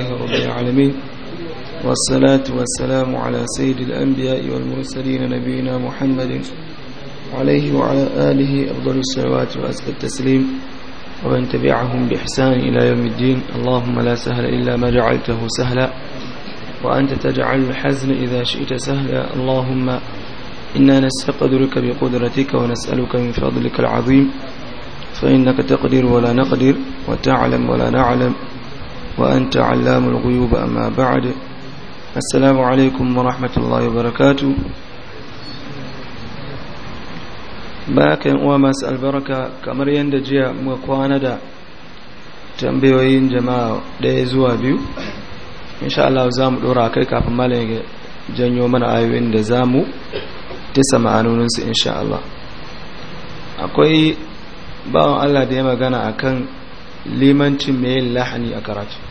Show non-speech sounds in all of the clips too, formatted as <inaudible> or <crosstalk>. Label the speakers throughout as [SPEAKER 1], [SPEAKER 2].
[SPEAKER 1] لله رب العالمين والصلاة والسلام على سيد الأنبياء والمرسلين نبينا محمد عليه وعلى آله أفضل الصلوات وأسفى التسليم ومن تبعهم بإحسان إلى يوم الدين اللهم لا سهل إلا ما جعلته سهلا وأنت تجعل الحزن إذا شئت سهلا اللهم إنا نستقدرك بقدرتك ونسألك من فضلك العظيم فإنك تقدر ولا نقدر وتعلم ولا نعلم وأنت علام الغيوب أما بعد السلام عليكم ورحمة الله وبركاته bayan masu albarka kamar yadda jiya muka kwana da tambayoyin jama'a ɗaya zuwa biyu insha Allah za mu ɗora kai kafin malam janyo mana ayoyin da za mu tisa ma'anoninsu insha akwai bawan Allah da ya magana akan limancin mai lahani a karatu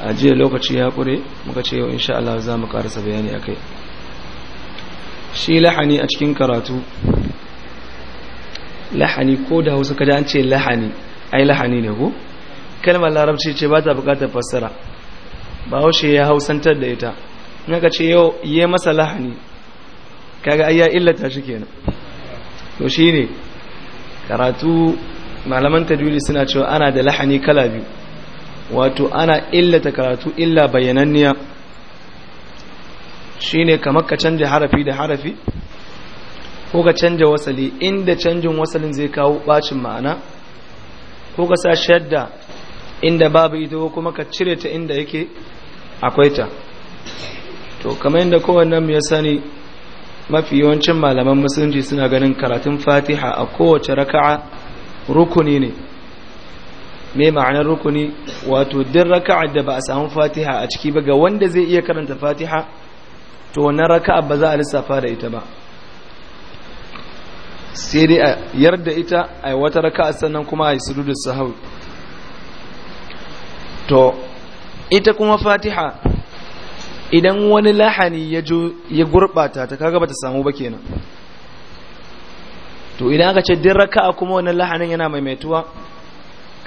[SPEAKER 1] a jiya lokaci ya kure muka ce yau insha Allah za mu karasa bayani akai shi lahani a cikin karatu lahani ko da hausa kada an ce lahani ai lahani ne ko kalmar larabci ce ba ta bukatar fassara ba haushe ya hausantar da ita naka ce yau yi masa lahani kaga ai ya illata shi kenan to shine karatu malaman tajwidi suna cewa ana da lahani kala biyu wato ana illata karatu illa bayananniya shine kamar ka canja harafi da harafi ko ka canja wasali inda canjin wasalin zai kawo bacin ma'ana ko ka sa shadda inda babu ita ko kuma ka cire ta inda yake akwai ta to kamar yadda kowannen mu ya sani mafi yawancin malaman musulunci suna ganin karatun fatiha a kowace raka'a rukuni ne me ma'anar rukuni wato duk raka'a da ba a samu fatiha a ciki ba ga wanda zai iya karanta fatiha to wannan raka'a ba za a lissafa da ita ba sai dai a yarda ita a wata raka'a sannan kuma a yi sududu sahau. to ita kuma fatiha idan wani lahani ya jo ya gurbata ta kaga bata samu ba kenan to idan aka ce din raka'a kuma wannan lahanin yana maimaituwa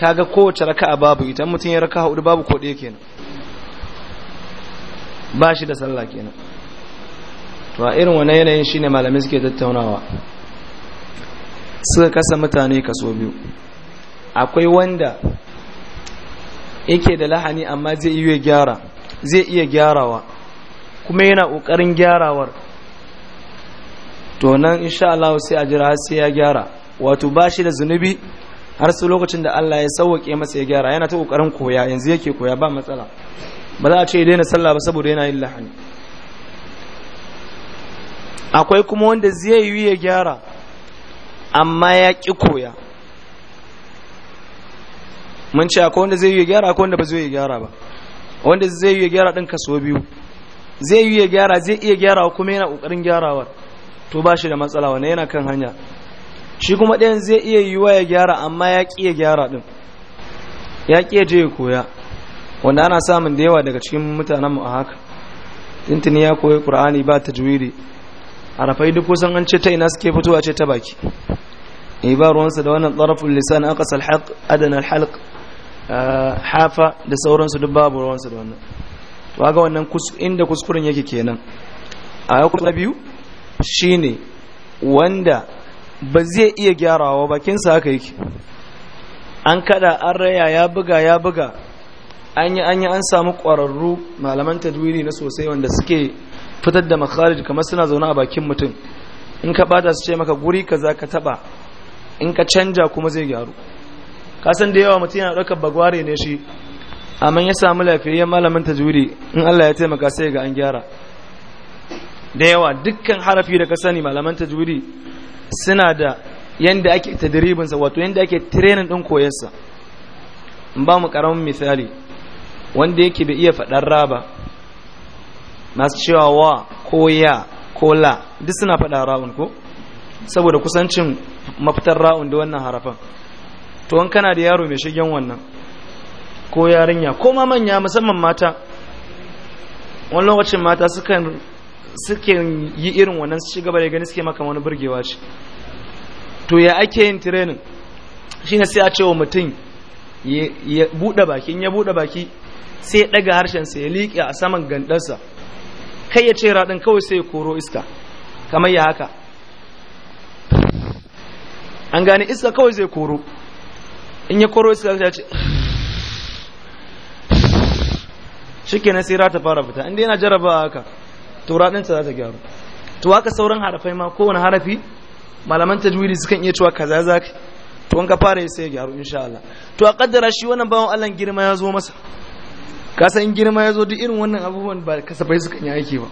[SPEAKER 1] kaga kowace raka'a babu ita mutum ya raka hudu babu ko ɗaya kenan ba shi da sallah kenan to a irin wani yanayin shine malamai suke tattaunawa suka kasa mutane kaso biyu akwai wanda yake da lahani amma zai iya gyara zai iya gyarawa kuma yana ƙoƙarin gyarawar to nan insha Allah sai a jira sai ya gyara wato ba shi da zunubi har su lokacin da Allah ya sauke masa ya gyara yana ta kokarin koya yanzu yake koya ba matsala ba za a ce daina sallah ba saboda yana yin lahani akwai kuma wanda zai yi ya gyara amma ya ƙi koya mun ce akwai wanda zai yi ya gyara akwai wanda ba zai yi gyara ba wanda zai yi ya gyara ɗin kaso biyu zai yi ya gyara zai iya gyara kuma yana ƙoƙarin gyarawar to ba shi da matsala wanda yana kan hanya shi kuma ɗayan zai iya yiwuwa ya gyara amma ya ƙi ya gyara ɗin ya ƙi ya je ya koya wanda ana samun da yawa daga cikin mutanenmu a haka tuntuni ya koyi ƙur'ani ba ta juwiri rafai duk kusan an ce ta ina suke fitowa ce ta baki ibaruwansa eh, da wannan tsarafin lisan aka salhaq adana alhalƙ ah, hafa da sauransu duk babu ruwansa da wannan to ga wannan inda kuskuren yake kenan a yau kuma biyu shine wanda ba zai iya gyarawa bakinsa haka yake an kada an raya ya buga ya buga an yi an yi an samu ƙwararru malaman tajwidi na sosai wanda suke fitar da makharij kamar suna zaune a bakin mutum in ka bata su ce maka guri kaza ka taba in ka canja kuma zai gyaru kasan da yawa mutum yana ɗaukar bagware ne shi amma ya samu lafiyayyen malamin tajwiri in Allah ya taimaka sai ga an gyara da yawa dukkan harafi da ka sani malaman tajwiri suna da yadda ake tadiribinsa wato yanda ake training ɗin koyarsa in ba mu ƙaramin misali wanda yake bai iya faɗar raba masu cewa wa ko ya ko la duk suna faɗa ra'un ko saboda kusancin mafitar ra'un da wannan harafan to an kana da yaro mai shigen wannan ko yarinya ko ma manya musamman mata wani lokacin mata sukan suke yi irin wannan su shiga bare gani suke maka wani burgewa ce to ya ake yin training shine sai a cewa mutum ya buɗe baki ya buɗe baki sai ya ɗaga harshensa ya liƙe a saman gandarsa kai ya ce raɗin kawai sai ya koro iska kamar ya haka an gane iska kawai zai koro in ya koro iska ya ce shi kenan sai rata fara fita inda yana jarabawa haka taura ɗinta za ta gyaru to haka sauran harafai ma kowane harafi malaman tajwidi sukan iya cewa kaza za ka to an ka fara sai ya gyaru insha Allah to a kaddara shi wannan bawan Allah girma ya zo masa ka san girma ya zo duk irin wannan abubuwan ba kasafai sukan yi aiki ba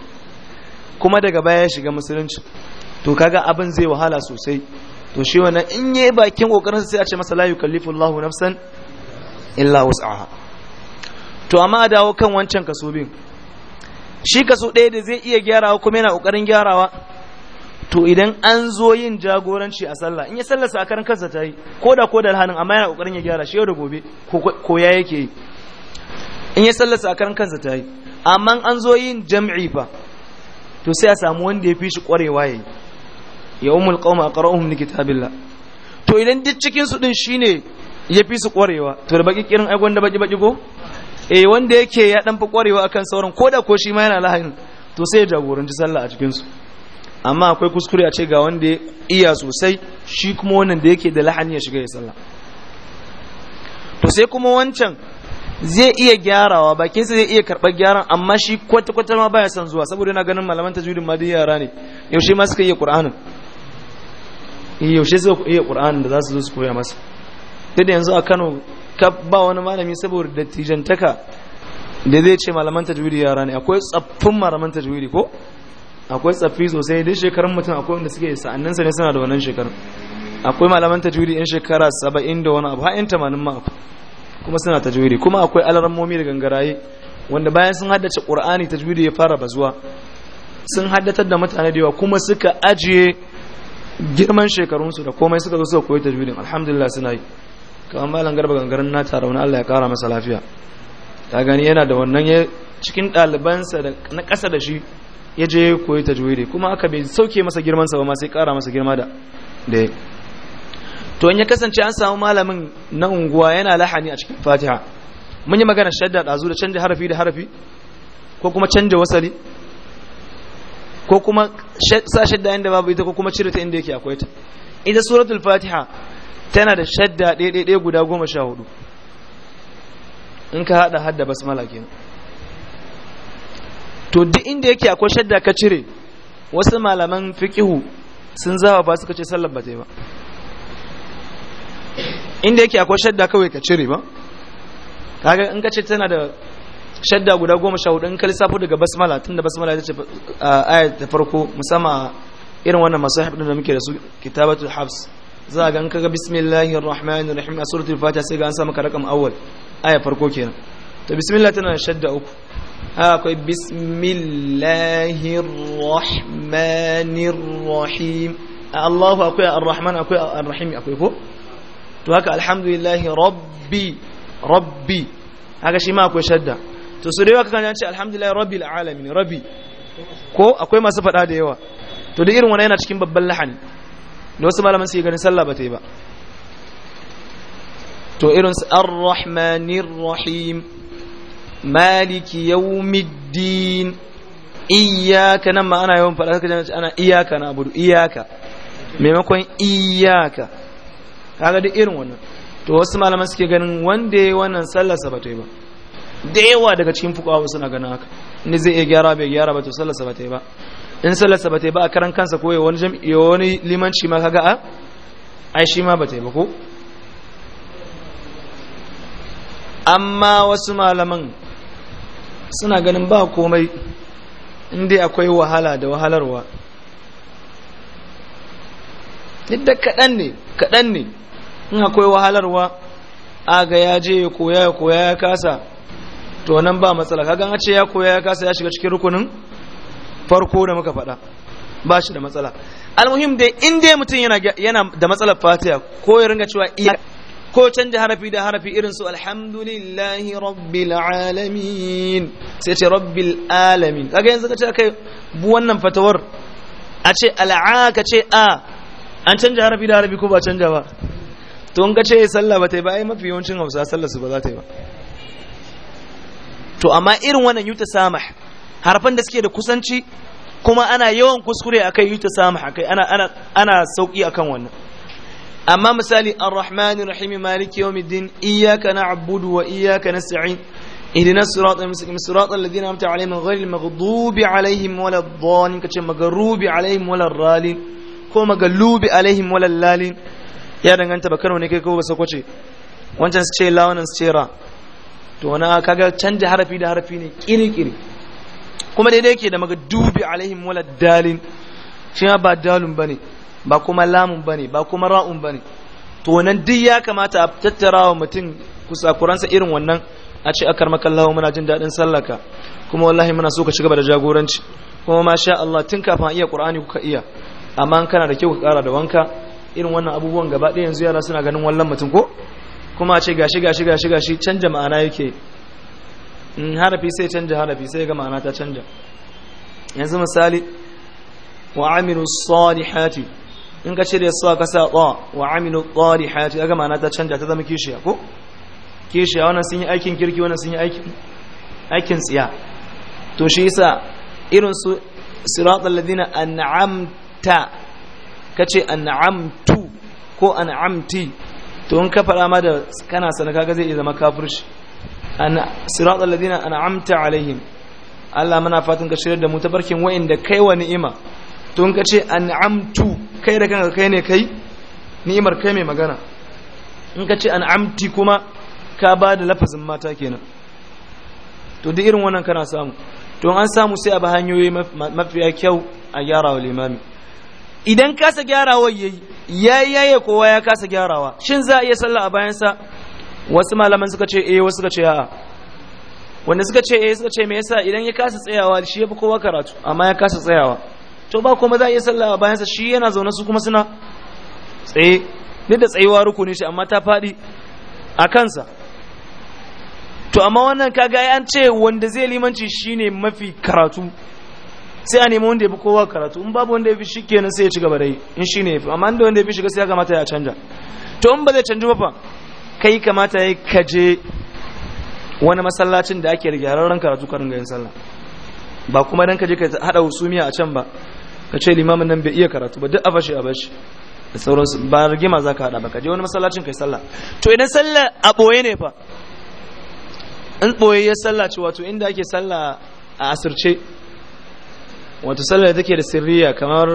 [SPEAKER 1] kuma daga baya ya shiga musulunci to kaga abin zai wahala sosai to shi wannan in yayi bakin kokarin sai a ce masa la yukallifu Allahu nafsan illa wus'aha to amma a dawo kan wancan kaso shi kaso ɗaya da zai iya gyarawa kuma yana ƙoƙarin gyarawa to idan an zo yin jagoranci a sallah in ya sallarsa a karan kansa ta yi ko da ko da alhanin amma yana ƙoƙarin ya gyara shi yau da gobe ko ya yake yi in ya sallarsa a karan kansa ta yi amma an zo yin jam'i fa to sai a samu wanda ya fi shi ƙwarewa ya yi ya umul a aqra'uhum li kitabillah to idan duk cikin su din shine ya fi su ƙwarewa to da baƙi kirin ai wanda baƙi baƙi ko eh wanda yake ya dan fi kwarewa akan sauran koda ko shi ma yana lahayin to sai ya jagoranci sallah a cikin su amma akwai kuskure a ce ga wanda ya iya sosai shi kuma wannan da yake da lahani ya shiga ya sallah to sai kuma wancan zai iya gyarawa bakin sa zai iya karɓar gyaran amma shi kwata kwata ma baya son zuwa saboda yana ganin malaman tajwidin ma duk yara ne yaushe ma suka iya qur'anin eh, yaushe suka iya qur'anin da za su zo su koya masa duk da yanzu a Kano kaf ba wani malami saboda dattijantaka da zai ce malaman tajwidi yara ne akwai tsaffin malaman tajwidi ko akwai tsaffi sosai dai shekarun mutum akwai wanda suke sa'annin sa ne suna da wannan shekarun akwai malaman tajwidi yan shekara saba'in da wani abu ha'in tamanin ma kuma suna tajwidi kuma akwai alarammomi da gangaraye wanda bayan sun haddace qur'ani tajwidi ya fara bazuwa sun haddatar da mutane da yawa kuma suka ajiye girman shekarunsu da komai suka zo suka koyi tajwidin alhamdulillah suna yi kamar malam garba gangarin na tara wani Allah ya kara masa lafiya ta gani yana da wannan ya cikin ɗalibansa na ƙasa da shi ya je koyi tajwidi kuma aka bai sauke masa girmansa ba ma sai kara masa girma da da to in ya kasance an samu malamin na unguwa yana lahani a cikin fatiha mun yi magana shadda ɗazu da canja harafi da harafi ko kuma canja wasali ko kuma sa shadda inda babu ita ko kuma cire ta inda yake akwai ta ita suratul fatiha tana da shadda ɗaiɗaiɗai guda goma sha hudu in ka haɗa hadda basmala kenan to duk inda yake akwai shadda ka cire wasu malaman fikihu sun zawa ba suka ce sallar ba ta yi ba inda yake akwai shadda kawai ka cire ba kaga in ka ce tana da shadda guda goma sha hudu in ka lissafo daga basmala tun da basmala ta ce aya ta farko musamman irin wannan masu haifin da muke da su kitabatul habs za ga in kaga bismillahir rahmanir rahim a suratul fatiha sai ga an samu maka rakam awwal aya farko kenan to bismillah tana shadda uku akwai bismillahir rahmanir rahim Allahu akwai ar-rahman akwai ar-rahim akwai ko to haka alhamdulillahi rabbi rabbi haka shi ma akwai shadda to su da yawa kakan ce alhamdulillahi rabbil alamin rabbi ko akwai masu faɗa da yawa to da irin wani yana cikin babban lahani da wasu malaman su yi ganin sallah ba ta yi ba to irin su ar-rahmanir rahim maliki yawmiddin iyaka nan ma ana yawan faɗa kaje ana iyaka na abudu iyaka maimakon iyaka kaga duk irin wannan to wasu malaman suke ganin wanda ya wannan sallah sa ba ta yi ba da yawa daga cikin fuqaha suna ganin haka ni zai iya gyara bai gyara ba to sallah sa ba ta yi ba in sallarsa ba ta yi ba a karan kansa ko ya wani limanci ma kaga a ai shi ma ba ta yi ba ko amma wasu malaman suna ganin ba komai inda akwai wahala da wahalarwa yadda kaɗan ne kaɗan ne in akwai wahalarwa aga ya je ya koya ya koya ya kasa to nan ba matsala kaga an ce ya koya ya kasa ya shiga cikin rukunin farko da muka faɗa ba shi da matsala almuhim dai in dai mutum yana da matsalar fatiha ko ya ringa cewa iya ko canja harafi da harafi irin su alhamdulillahi rabbil alamin sai ce rabbil alamin kaga yanzu ka ce kai bu wannan fatawar a ce al'a ka ce a an canja harafi da harafi ko ba canja ba to in ka ce sallah ba ta yi ba ai mafi yawancin hausa sallar su ba za ta yi ba to amma irin wannan yuta samah harfan da suke da kusanci kuma ana yawan kuskure akai yi ta samu haka ana ana ana sauki akan wannan amma misali ar-rahmanir rahim maliki yawmiddin iyyaka na'budu wa iyyaka nasta'in ihdina siratal mustaqim siratal ladzina an'amta alaihim ghayril maghdubi alaihim waladdallin kace magrubi alaihim walarralin ko magalubi alaihim walallalin ya danganta ba kano ne kai ko basa kwace wancan su ce lawanan su ce ra to wani kaga canji harafi da harafi ne kiri-kiri kuma daidai ke da maga dubi alaihim wala dalin shi ba dalun bane ba kuma lamun bane ba kuma ra'un bane to wannan duk ya kamata a tattara wa mutum kusakuransa irin wannan a ce akar makallahu muna jin daɗin sallaka kuma wallahi muna so ka shiga da jagoranci kuma ma sha Allah tun kafin a iya Qur'ani kuka iya amma an kana da kyau ka ƙara da wanka irin wannan abubuwan gaba ɗaya yanzu yara suna ganin wallan mutum ko kuma a ce gashi gashi gashi gashi canja ma'ana yake in harafi sai canja harafi sai ga ma'ana ta canja yanzu misali wa amilu salihati in ka shirya su ka sa ta wa amilu salihati ga ma'ana ta canja ta zama kishiya ko kishiya wannan sun yi aikin kirki wannan sun yi aikin aikin tsiya to shi yasa irin su siratal ladina an'amta kace an'amtu ko an'amti to in ka fara ma da kana sana kaga zai zama kafirci ana siratal an'amta alaihim Allah mana fatan ka shirya da mu tabarkin wa'inda kai wa ni'ima tun ka ce an'amtu kai da kanka kai ne kai ni'imar kai mai magana in ka ce an'amti kuma ka ba da lafazin mata kenan to duk irin wannan kana samu to an samu sai a ba hanyoyi mafiya kyau a gyara wa limami idan kasa gyarawa yayi yayi kowa ya kasa gyarawa shin za a iya sallah a bayansa wasu malaman suka ce eh wasu suka ce a'a wanda suka ce eh suka ce me yasa idan ya kasa tsayawa shi yafi kowa karatu amma ya kasa tsayawa to ba kuma za a iya sallah bayan sa shi yana zaune su kuma suna tsaye duk da tsayuwa rukuni shi amma ta faɗi a kansa to amma wannan kaga an ce wanda zai limanci shine mafi karatu sai a nemi wanda ya fi kowa karatu in babu wanda ya fi shi kenan sai ya ci gaba da yi in shine ya fi amma inda wanda ya fi shiga sai ya kamata ya canja to in ba zai canji ba fa kai kamata ya kaje wani masallacin da ake gyararren karatu karin gayin sallah ba kuma dan kaje ka hada husumiya a can ba ka ce limamin nan bai iya karatu ba duk a fashe a bashi da sauransu ba rigima za ka hada ba kaje wani masallacin kai sallah to idan sallah a boye ne fa in boye ya sallah ce wato inda ake sallah a asirce wato sallah da take da sirriya kamar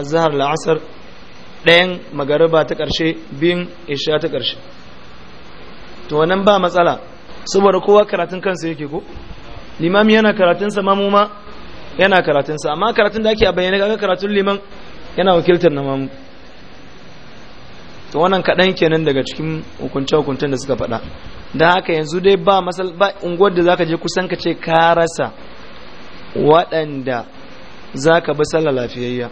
[SPEAKER 1] azhar la'asar ɗayan magariba ta ƙarshe biyun isha ta ƙarshe to wannan ba matsala saboda kowa karatun kansa yake ko limami yana karatun sa mamu ma yana karatun sa amma karatun da ake a bayyane kaga karatun liman yana wakiltar na mamu to wannan kaɗan kenan daga cikin hukunce-hukuncen da suka faɗa da haka yanzu dai ba masal ba unguwar da zaka je kusan ka ce ka rasa waɗanda zaka bi sallah lafiyayya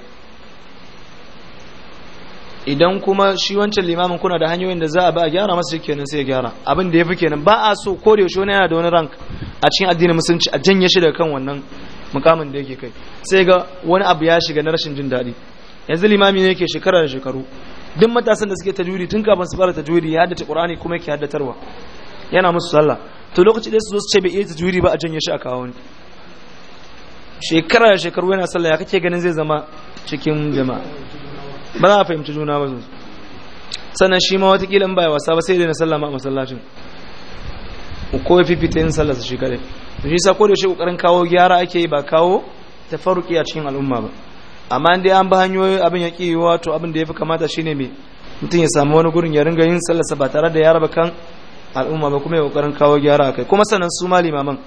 [SPEAKER 1] idan kuma shi wancan limamin kuna da hanyoyin da za a ba a gyara masa kenan sai ya gyara abin da ya fi kenan ba a so ko da yaushe wani yana da wani rank a cikin addinin musulunci a janye shi daga kan wannan mukamin da yake kai sai ga wani abu ya shiga na rashin jin daɗi yanzu limami ne yake shekara da shekaru duk matasan da suke tajwidi tun kafin su fara tajwidi ya haddace qur'ani kuma yake haddatarwa yana musu sallah to lokaci da su zo su ce bai iya tajwidi ba a janye shi a kawo ni shekara da shekaru yana sallah ya kake ganin zai zama cikin jama'a ba za a fahimci juna ba sannan shi ma watakila in ba wasa ba sai dai na sallama a masallacin ko ya fifita yin sallarsa shi kadai da shi sa ko da shi kokarin kawo gyara ake yi ba kawo ta faruƙi a cikin al'umma ba amma dai an ba hanyoyi abin ya kiyi wato abin da ya fi kamata ne me mutum ya samu wani gurin ya ringa yin sallarsa ba tare da yara ba kan al'umma ba kuma ya kokarin kawo gyara a kai kuma sannan su ma limaman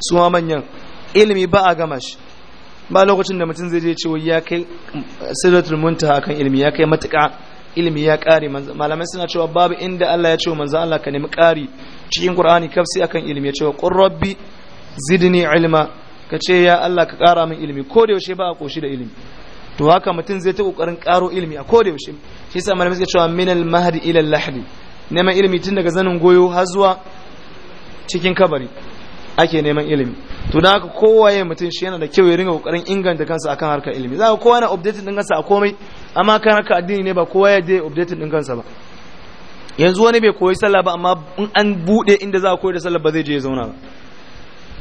[SPEAKER 1] su ma manyan ilimi ba a gama shi ba lokacin da mutum zai je cewa ya kai mm, sidratul muntaha kan ilimi ya kai matuƙa ilimi ya ƙare malamai suna cewa babu inda Allah ya ce wa manzo Allah ka nemi ƙari cikin Qur'ani kafsi akan ilimi ya ce qur rabbi zidni ilma ka ce ya Allah ka ƙara min ilimi ko da yaushe ba a koshi da ilimi to haka mutum zai ta kokarin ƙaro ilimi a ko da yaushe shi yasa malamai suka cewa min al mahdi ila al lahdi neman ilimi tun daga zanin goyo har zuwa cikin kabari ake neman ilimi to da haka kowaye mutum shi yana da kyau ya ringa kokarin inganta kansa akan harkar ilimi za ka kowa na updating din kansa a komai amma kan harkar addini ne ba kowa ya dai updating din kansa ba yanzu wani bai koyi sallah ba amma in an bude inda za a koyi da sallah ba zai je ya zauna ba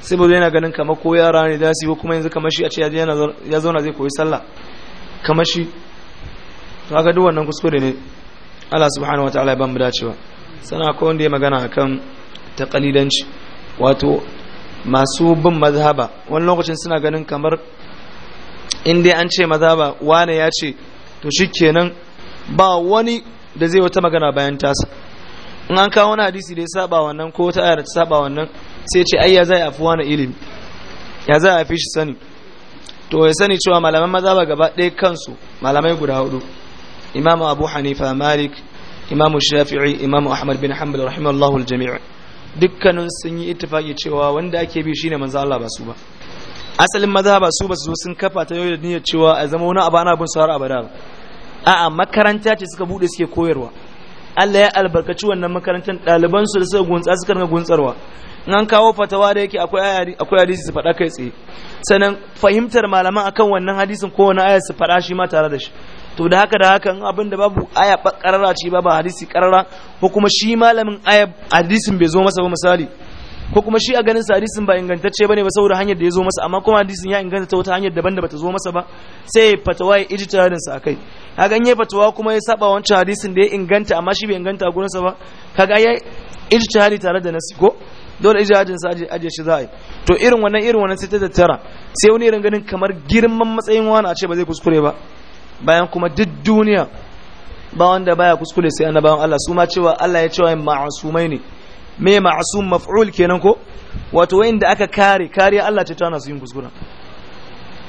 [SPEAKER 1] sai ba yana ganin kamar ko yara ne da su kuma yanzu kamar shi a ce ya zauna zai koyi sallah kamar shi to haka duk wannan kuskure ne Allah subhanahu wataala ya mu dacewa sana ko wanda ya magana akan taqalidanci wato masu bin mazhaba wani lokacin suna ganin kamar in dai an ce mazhaba wane ya ce to shi kenan ba wani da zai wata magana bayan tasa in an kawo wani hadisi da ya saba wannan ko wata ayar ta saba wannan sai ce ai ya zai afi wani ilimi ya zai afi shi sani to ya sani cewa malaman mazhaba gaba ɗaya kansu malamai guda hudu imamu abu hanifa malik imamu shafi'i imamu ahmad bin hanbal rahimallahu al dukkanin sun yi ittifaki cewa wanda ake bi shine manzo Allah ba su ba asalin mazhaba su ba su zo sun kafa ta yau da niyyar cewa a zama wani abu ana bin su har abada ba a'a makaranta ce suka bude suke koyarwa Allah ya albarkaci wannan makarantar ɗaliban su da suka gunsa suka ga gunsarwa in an kawo fatawa da yake akwai akwai hadisi su faɗa kai tsaye sannan fahimtar malaman akan wannan hadisin ko wani aya su faɗa shi ma tare da shi to da haka da haka in abin da babu aya karara ce babu hadisi karara ko kuma shi malamin aya hadisin bai zo masa ba misali ko kuma shi a ganin sa hadisin ba ingantacce bane ba saboda hanyar da ya zo masa amma kuma hadisin ya inganta ta wata hanyar daban da bata zo masa ba sai fatawa ya ijtihadin sa akai kaga in yayi fatawa kuma ya saba wancan hadisin da ya inganta amma shi bai inganta a gurin sa ba kaga ya ijtihadi tare da nasi ko dole ijtihadin sa aje shi za'a to irin wannan irin wannan sai ta tattara sai wani irin ganin kamar girman matsayin wani a ce ba zai kuskure ba bayan kuma duk duniya ba wanda baya kuskure sai annabawan Allah su ma cewa Allah ya cewa ma'asumai ne me ma'asum maf'ul kenan ko wato wanda aka kare kariya Allah ce tana su yin kuskura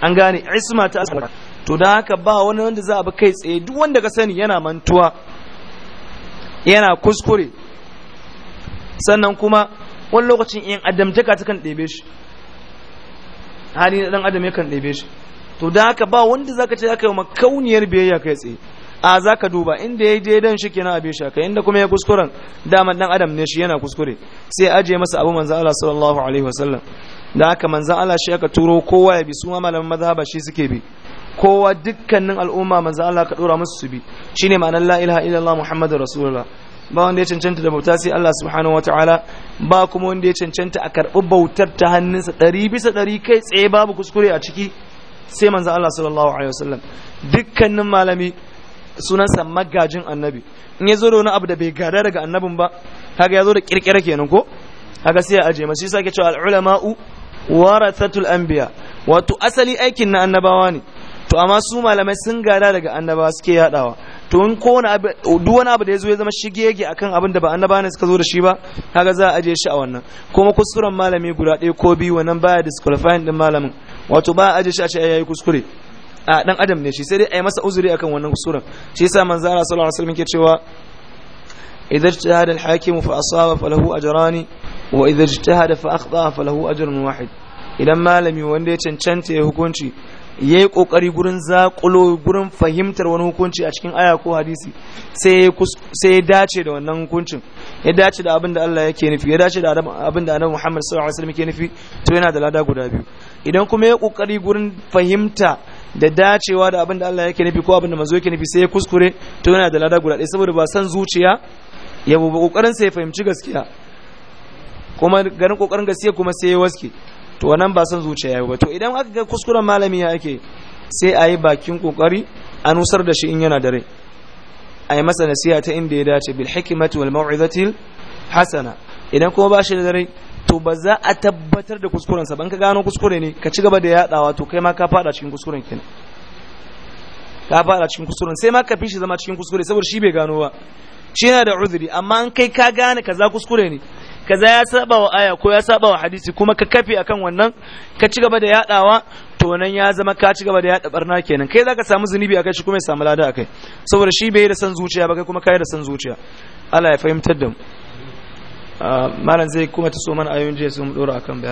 [SPEAKER 1] an gane isma ta asbaka to dan haka ba wani wanda za a bi kai tsaye duk wanda ka sani yana mantuwa yana kuskure sannan kuma wani lokacin in adamtaka ta kan ɗebe shi hali na ɗan adam ya kan ɗebe shi to da haka ba wanda zaka ce zaka yi makauniyar biyayya kai tsaye a zaka duba inda yayi dan shi kenan abin shaka inda kuma ya kuskuren daman dan adam ne shi yana kuskure sai aje masa abu manzo Allah sallallahu alaihi wasallam da haka manzo Allah shi aka turo kowa ya bi su ma malaman mazhaba shi suke bi kowa dukkanin al'umma manzo Allah ka dora musu su bi shine ma'anar la ilaha illallah muhammadur rasulullah ba wanda ya cancanta da bauta sai Allah subhanahu wataala ba kuma wanda ya cancanta a karɓi bautar ta hannunsa ɗari bisa ɗari kai tsaye babu kuskure a ciki sai manzo Allah sallallahu alaihi wasallam dukkanin malami sunansa magajin annabi in ya zo da wani abu da bai gada daga annabin ba kaga ya zo da kirkira kenan ko kaga sai ya aje masu yasa ke cewa al'ulama'u warathatul anbiya wato asali aikin na annabawa ne to amma su malamai sun gada daga annabawa suke yadawa to in kowane abu duk wani abu da ya ya zama shigege akan abin da ba annabawa ne suka zo da shi ba kaga za a aje shi a wannan kuma kuskuren malami guda ɗaya ko biyu wannan baya disqualifying din malamin wato ba a aje shi a ce yayi kuskure a ɗan adam ne shi sai dai a yi masa uzuri akan wannan kuskuren shi yasa manzo Allah sallallahu alaihi wasallam ke cewa idza ijtahada al-hakim fa asaba falahu ajrani wa idza ijtahada fa akhta falahu ajrun wahid idan malami wanda ya cancanta ya hukunci ya yi ƙoƙari gurin zaƙulo gurin fahimtar wani hukunci a cikin aya ko hadisi sai ya dace da wannan hukuncin ya dace da abin da Allah yake nufi ya dace da abin da annabi Muhammad sallallahu alaihi wasallam yake nufi to yana da lada guda biyu idan kuma ya kokari gurin fahimta da dacewa da abin da Allah yake nufi ko abin da manzo yake nufi sai ya kuskure to yana da ladar guda saboda ba san zuciya ya bu kokarin sai ya fahimci gaskiya kuma ganin kokarin gaskiya kuma sai ya waske to wannan ba san zuciya ya ba to idan aka ga kuskuren malami ya ake sai a yi bakin kokari a nusar da shi in yana da rai a yi masa nasiha ta inda ya dace bil hikimati wal mau'izatil hasana idan kuma ba shi da rai to ba za a tabbatar da kuskurensa ban ka gano kuskure ne ka ci gaba da yadawa to kai ma ka fada cikin kuskuren kenan ka fada cikin kuskuren sai ma ka fishi shi zama cikin kuskure saboda shi bai gano ba shi yana da uzuri amma an kai ka gane kaza kuskure ne kaza ya saba wa aya ko ya saba wa hadisi kuma ka kafe akan wannan ka ci gaba da yadawa to nan ya zama ka ci gaba da yada barna kenan kai zaka samu zunubi akai shi kuma ya samu lada akai saboda shi bai da san zuciya ba kai kuma kai da san zuciya Allah ya fahimtar da mu آه، مالن زي كومة ta أيون mana ayoyin jiya sai mu شاء akan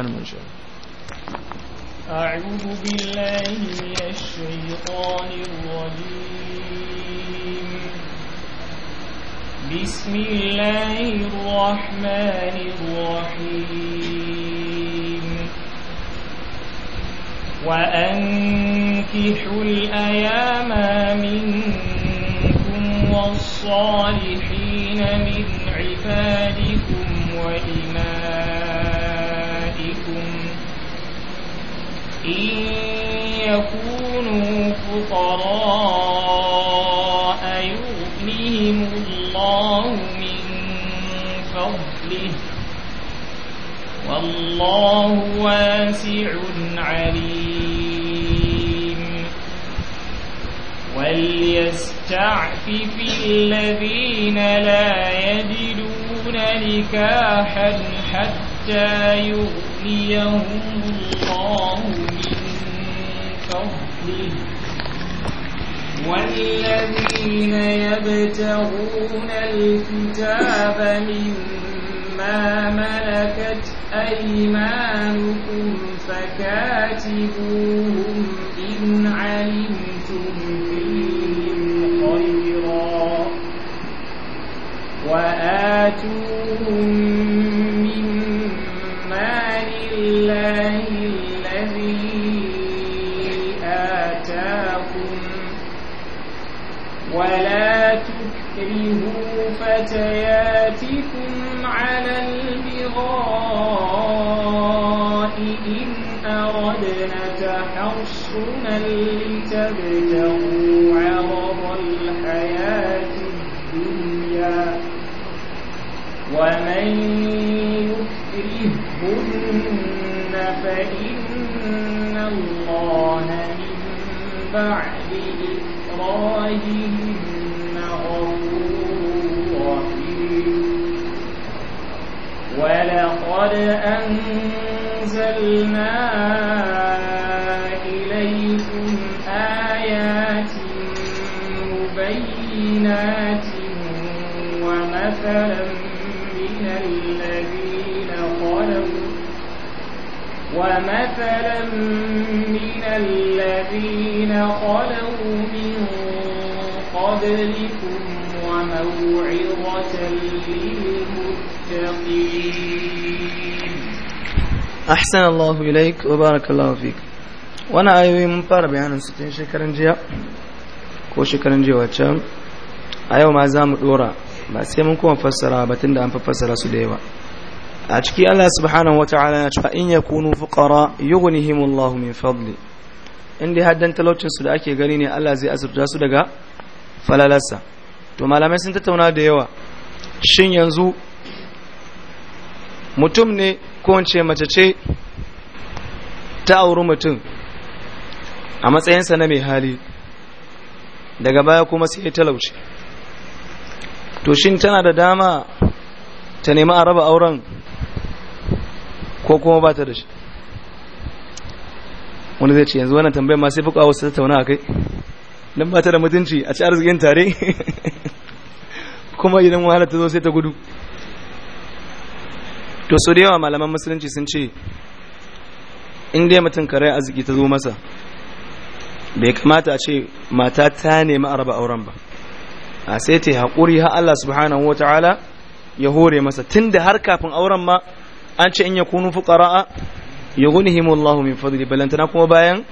[SPEAKER 1] أعوذ بالله من الشيطان الرجيم بسم الله الرحمن الرحيم وأنكحوا الأيام منكم والصالحين من عبادكم وإمائكم إن يكونوا فقراء يغنيهم الله من فضله والله واسع عليم وليستعفف الذين لا يجدون نكاحا حتى يغنيهم الله من فضله والذين يبتغون الكتاب مما ملكت أيمانكم فكاتبوهم إن علموا وآتوهم من مال الله الذي آتاكم ولا تكرهوا فتياتكم على البغاء إن أردنا تحصنا لتبتغوا ومن يكرهن فإن الله من بعد إكراههن غفور رحيم ولقد أنزلنا إليكم آيات مبينات ومثلا ومثلا من الذين خلوا من قبلكم وموعظة للمتقين أحسن الله إليك وبارك الله فيك وانا ايوي مبارب يعني ستين شكرا جيا وشكرا جيا واتشام ايو ما زام الورا ما سيمون كو مفسرا باتن دا مفسرا a ciki Allah subhanahu wata'ala ya cewa in yakunu fuqara yughnihimullahu min fadli inda haddan talaucin su da ake gani ne Allah zai azurta su daga falalarsa to malamai sun tattauna da yawa shin yanzu mutum ne ko ce mace ce ta auri mutum a matsayinsa na mai hali daga baya kuma sai talauci to shin tana da dama ta nemi a raba auren ko kuma ba ta da shi wani zai ce yanzu wannan tambayar ma sai fi kawo su tattauna kai don ba ta da mutunci a ci arzikin tare <laughs> kuma idan wahala ta zo sai ta gudu to so da yawa malaman musulunci sun ce in dai mutum kare arziki ta zo masa bai kamata a ce mata ta nemi raba auren ba a sai ta yi haƙuri har Allah subhanahu wa ta'ala ya hore masa tun da har kafin auren ma an ce in ya yakunu fuqara'a yughnihimullahu min fadli balantana kuma bayan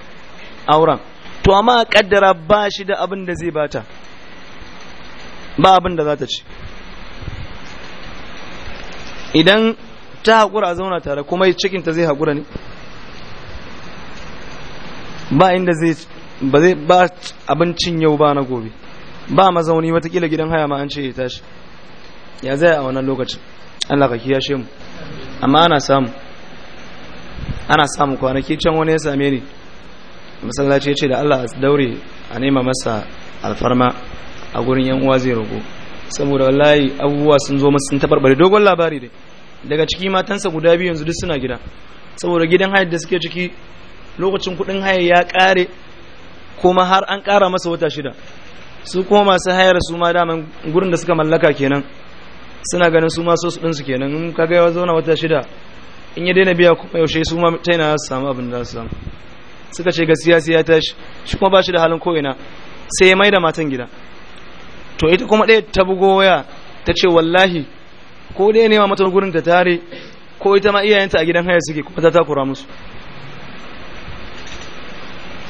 [SPEAKER 1] auren to amma kaddara ba shi da abin da zai bata ba abin da za ta ci idan ta haƙura a zauna tare kuma cikinta zai haƙura ne ba inda zai ba zai ba abincin yau ba na gobe ba mazauni watakila gidan haya ma an ce ya tashi ya zai a wannan lokacin Allah ka kiyashe mu amma ana samu ana samu kwanaki can wani ya same ni masallaci ya ce da Allah a daure a nema masa alfarma a gurin yan uwa zai rogo saboda wallahi abubuwa sun zo masu sun tabarbare dogon labari dai daga ciki matansa guda biyu yanzu duk suna gida saboda gidan hayar da suke ciki lokacin kudin haya ya kare kuma har an kara masa wata shida su kuma masu hayar su ma daman gurin da suka mallaka kenan suna ganin su ma sosu ɗinsu kenan in kaga ya zauna wata shida in ya daina biya kuma yaushe su ma ta yana samu abin da su samu suka ce ga siyasi ya tashi shi kuma ba shi da halin ko'ina sai ya mai da matan gida to ita kuma ɗaya ta bugo waya ta ce wallahi ko ɗaya nema matan gurin ta tare ko ita ma iyayenta a gidan haya suke kuma ta takura musu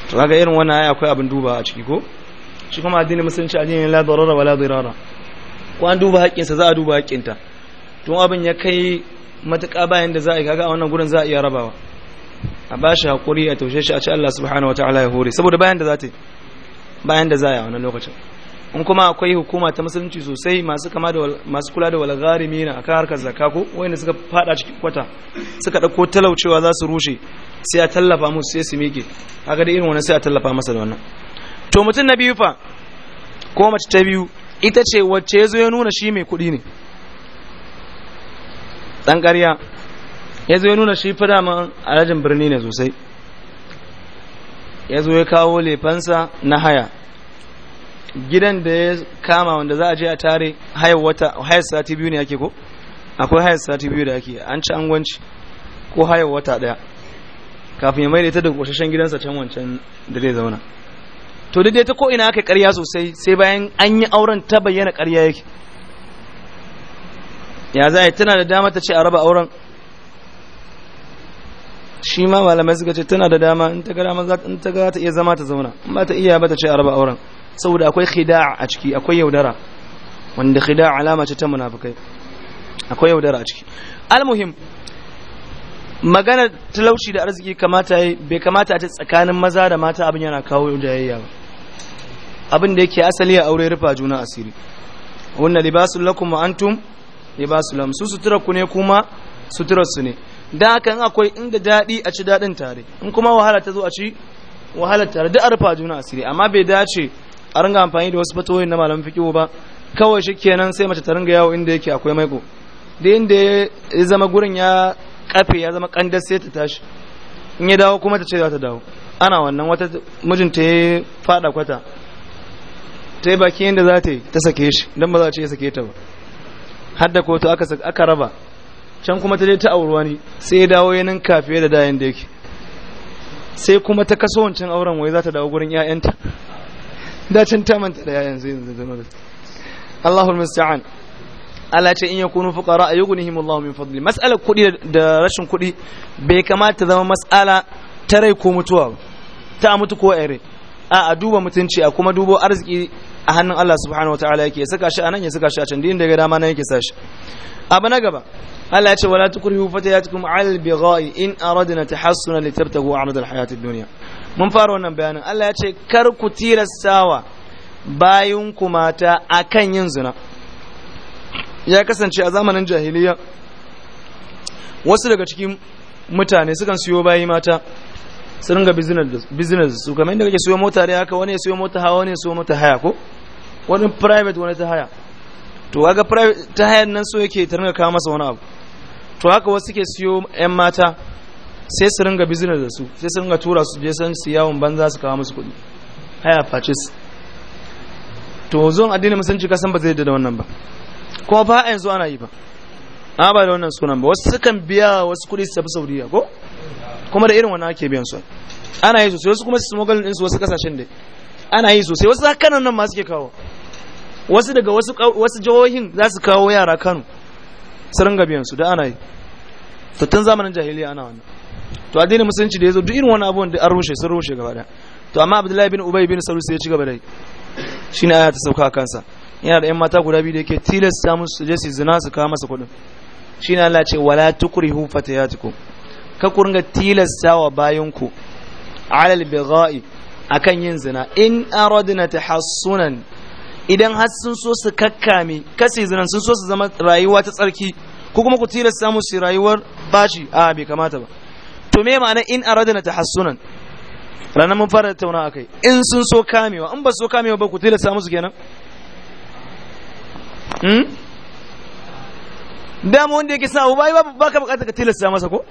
[SPEAKER 1] to kaga irin wannan aya akwai abin duba a ciki ko shi kuma addinin musulunci addinin la darara wala dirara ko an duba haƙƙinsa za a duba haƙƙinta tun abin ya kai matuƙa bayan da za a yi kaga a wannan gurin za a iya rabawa a ba shi haƙuri a taushe shi a ci Allah subhanahu wa ta'ala ya hore saboda bayan da za ta bayan da za a yi a wannan lokacin in kuma akwai hukuma ta musulunci sosai masu kama da masu kula da walgari mina akan harkar zakka ko wanda suka fada cikin kwata suka dauko talaucewa za su rushe sai a tallafa musu sai su miƙe haka da irin wannan sai a tallafa masa da wannan to mutum na biyu fa ko mace ta biyu ita ce wacce ya zo ya nuna shi mai kuɗi ne ɗan ƙarya ya zo ya nuna shi fi daman alhajin birni ne sosai ya zo ya kawo lefansa na haya gidan da ya kama wanda za a je a tare hayar sati biyu ne ake ko akwai hayar sati biyu da ake an ci angwanci ko hayar wata daya kafin ya maida ita da ƙwashashen gidansa can wancan da zai zauna to dai ta ko ina aka ƙarya sosai sai bayan an yi auren ta bayyana ƙarya yake ya za a tana da dama ta ce a raba auren shi ma malamai suka ce tana da dama in ta gara in ta ga ta iya zama ta zauna in ba ta iya ba ta ce a raba auren saboda akwai khida' a ciki akwai yaudara wanda khida' alama ce ta munafikai akwai yaudara a ciki almuhim magana talauci da arziki kamata bai kamata a ce tsakanin maza da mata abin yana kawo yaudayayya ba abin da yake asali a aure rufa juna asiri wanda libasul lakum wa antum libasul lam su sutura ku ne kuma suturar su ne dan haka in akwai inda dadi a ci dadin tare in kuma wahala ta zo a ci wahala tare duk a rufa juna asiri amma bai dace a ringa amfani da wasu fatoyin na malamin fiqh ba kawai shi kenan sai mace ta ringa yawo inda yake akwai maiko da inda ya zama gurin ya kafe ya zama kandar sai ta tashi in ya dawo kuma ta ce za ta dawo ana wannan wata mijinta ya fada kwata ta yi baki yadda za ta yi ta sake shi don ba za ce ya sake ta ba hadda to aka raba can kuma ta je ta auri wani sai ya dawo yanin kafiye da dayan da yake sai kuma ta kaso wancan auren wai za ta dawo gurin 'ya'yanta dacin ta manta da 'ya'yan zai zama da Allahul musta'an Allah ce in ya kunu fuqara himu Allahu min fadli mas'alar kuɗi da rashin kuɗi bai kamata zama mas'ala ta rai ko mutuwa ta mutu ko ere a a duba mutunci a kuma dubo arziki a hannun Allah subhanahu wataala yake ya saka shi anan ya saka shi a can din da ga dama nan yake sa shi abu na gaba Allah ya ce wala tukrihu fatayatukum al bighai in aradna tahassuna litabtagu arad al hayat ad dunya mun fara wannan bayanin Allah ya ce kar ku tilastawa bayin ku mata akan yin zina ya kasance a zamanin jahiliya wasu daga cikin mutane sukan siyo bayi mata su ringa business su kamar inda kake siyo mota ne haka wani ya siyo mota hawa wani ya mota haya ko wani private wani ta haya to kaga private ta hayan nan so yake ta ringa kawo masa wani abu to haka wasu suke siyo yan mata sai su ringa business da su sai su ringa tura su je san su yawon banza su kawo musu kuɗi haya purchase to zon addinin musulunci kasan ba zai da wannan ba kuma ba yanzu ana yi ba a ba da wannan sunan ba wasu sukan biya wasu kuɗi su tafi saudiya ko kuma da irin wannan ake biyan su ana yi sosai wasu kuma su smogal din su wasu kasashen da ana yi sosai wasu hakanan nan ma suke kawo wasu daga wasu wasu jihohin za su kawo yara Kano su ringa biyan su da ana yi to tun zamanin jahiliya ana wannan to addinin musulunci da yazo duk irin wani abun da an rushe sun rushe gaba daya to amma Abdullahi bin Ubay bin Salul sai ya ci gaba da shine aya ta sauka kansa yana da 'yan mata guda biyu da yake tilasta musu su je su zina su kawo masa kuɗin shi ne Allah ce wala tukrihu fatayatukum ka ku ringa tilasta wa bayanku alal bigha'i akan yin zina in aradna tahassunan idan har sun so su kakkame kasi zinan sun so su zama rayuwa ta tsarki ko kuma ku tilasta su rayuwar bashi a bai kamata ba to me ma'ana in aradna tahassunan ranar mun fara tauna akai in sun so kamewa in ba so kamewa ba ku tilasta su kenan hmm dama wanda yake sa ba ba ka bukata ka tilasta masa ko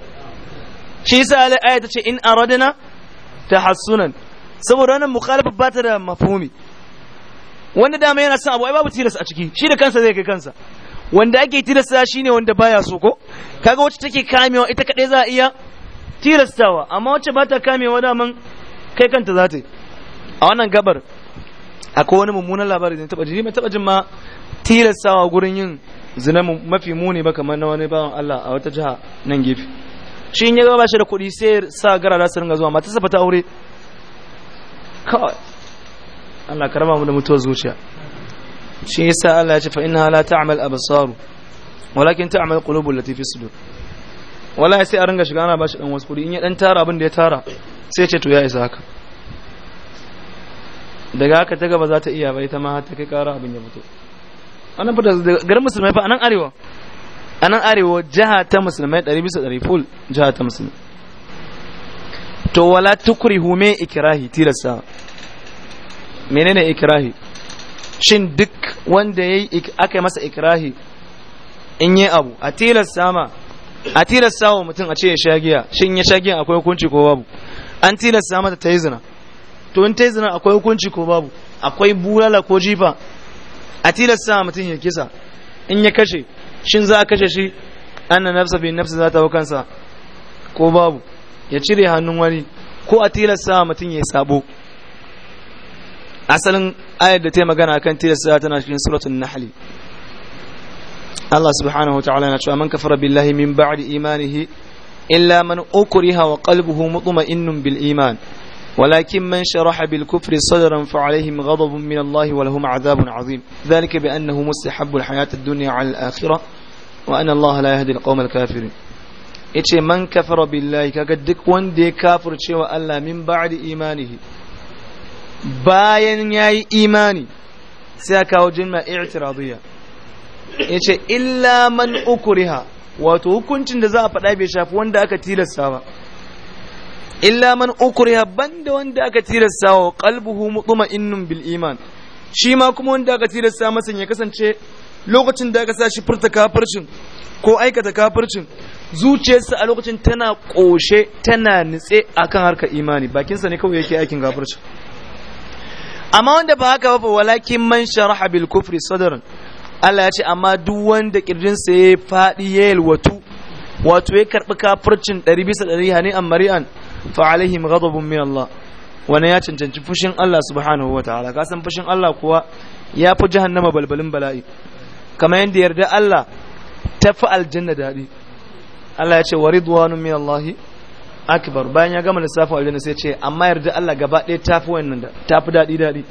[SPEAKER 1] shi yasa aya tace ce in aradna tahassunan saboda wannan mukhalafa ba ta da mafhumi wanda dama yana son abu ai babu tilas a ciki shi da kansa zai kai kansa wanda ake tilasta shine wanda baya so ko kaga wacce take kamewa ita kadai za a iya tilastawa amma wacce ba ta kamewa daman kai kanta za ta yi a wannan gabar akwai wani mummunan labari da taba jini mai taba jin ma tilastawa gurin yin zina mafi muni ba kamar na wani bawan Allah a wata jiha nan gefe shi in ya gaba shi da kuɗi sai sa garara su ringa zuwa matarsa ba ta aure kawai Allah karama mu da mutuwa zuciya shi sa Allah ya ce fa ta la ta'mal absaru walakin ta'mal qulubul lati fi sudur wallahi sai a ringa shiga ana ba shi dan wasu kuɗi in ya dan tara abin da ya tara sai ce to ya isa haka daga haka ta gaba za ta iya bai ta ma ta kai kara abin ya fito anan fita garin musulmai fa anan arewa a nan arewa jiha ta musulmai ɗari bisa ɗari full jiha ta musulmai to wala tukuri hume ikirahi tilasta menene ikirahi shin duk wanda yi aka masa ikirahi in yi abu a tilasta ma a tilasta wa mutum a ce ya sha giya shin ya sha giya akwai hukunci ko babu an tilasta mata ta yi zina to in ta yi zina akwai hukunci ko babu akwai bulala ko jifa a tilasta mutum ya kisa in ya kashe shin za a kashe shi anna nafsa bin nafsa za ta hau kansa ko babu ya cire hannun wani ko a tilasta mutum ya yi sabo asalin ayar da ta magana akan tilasta tana cikin suratun nahali Allah subhanahu wa ta'ala yana cewa man kafara billahi min ba'di imanihi illa man ukriha wa qalbuhu mutma'innun bil iman ولكن من شرح بالكفر صدرا فعليهم غضب من الله ولهم عذاب عظيم ذلك بأنه مستحب الحياة الدنيا على الآخرة وأن الله لا يهدي القوم الكافرين إيش من كفر بالله كقدك وان دي كافر شوى ألا من بعد إيمانه باين ياي إيماني سيكا وجمع اعتراضية إيش إلا من أكرها wato hukuncin da za a faɗa bai shafi wanda aka tilasta ba illa man ukriha banda wanda aka tilasta wa qalbuhu mutma'innun bil iman shi ma kuma wanda aka tilasta masa ya kasance lokacin da aka sa shi furta kafircin ko aikata kafircin zuciyarsa a lokacin tana koshe tana nitse akan harkar imani bakinsa ne kawai yake aikin kafircin amma wanda ba haka ba fa walakin man sharaha bil kufri sadran Allah ya ce amma duk wanda kirjinsa ya fadi ya wato ya karbi kafircin ɗari bisa ɗari hani an mari'an fa alaihim ghadabun min Allah wani ya cancanci fushin Allah subhanahu wataala ka san fushin Allah kuwa ya fi jahannama balbalin bala'i kamar yadda yarda Allah ta fi aljanna daɗi Allah ya ce wa ridwanu min Allah akbar bayan ya gama lissafin aljanna sai ce amma yarda Allah gaba ɗaya ta fi wannan da ta fi daɗi daɗi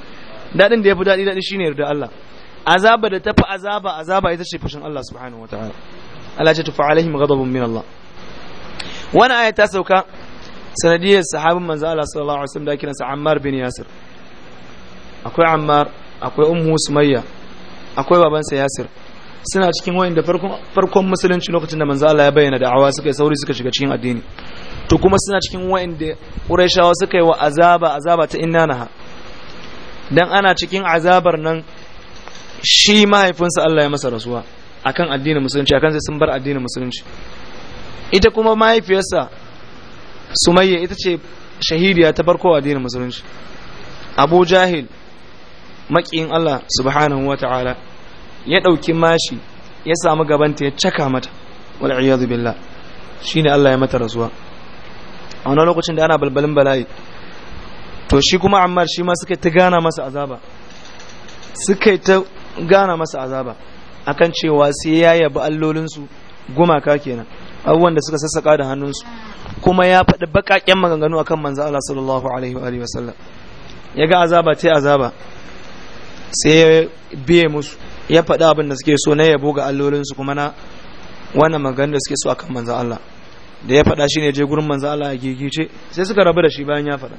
[SPEAKER 1] daɗin da ya fi daɗi daɗi shine yarda Allah azaba da ta fi azaba azaba ita ce fushin Allah subhanahu wataala Allah ya ce tufa alaihim ghadabun min Allah wani aya ta sauka sanadiyar sahabin manzo Allah sallallahu alaihi wasallam da ake nasa Ammar bin Yasir akwai Ammar akwai Ummu Sumayya akwai babansa Yasir suna cikin wayanda farkon farkon musulunci lokacin da manzo Allah ya bayyana da'awa suka yi sauri suka shiga cikin addini to kuma suna cikin wayanda Qurayshawa suka yi wa azaba azaba ta innanaha dan ana cikin azabar nan shi mahaifinsa Allah ya masa rasuwa akan addinin musulunci akan sai sun bar addinin musulunci ita kuma mahaifiyarsa sumayya ita ce shahidiya ta farko a dinin musulunci abu jahil makiyin Allah subhanahu wa ta'ala ya ɗauki mashi ya samu gabanta ya caka mata wal'iyadu billah shi ne Allah ya mata rasuwa a wani lokacin da ana balbalin bala'i to shi kuma ammar shi ma suka ta gana masa azaba suka ta gana masa azaba akan cewa sai ya yabi allolinsu gumaka kenan abubuwan da suka sassaka da hannunsu kuma ya faɗi baƙaƙen maganganu akan manzo Allah sallallahu alaihi wa alihi wasallam ya ga azaba ce azaba sai ya biye musu ya faɗi abin da suke so na yabo ga allolinsu kuma na wannan maganganu da suke so akan manzo Allah da ya faɗa shine je gurin manzo Allah a gigice sai suka rabu da shi bayan ya faɗa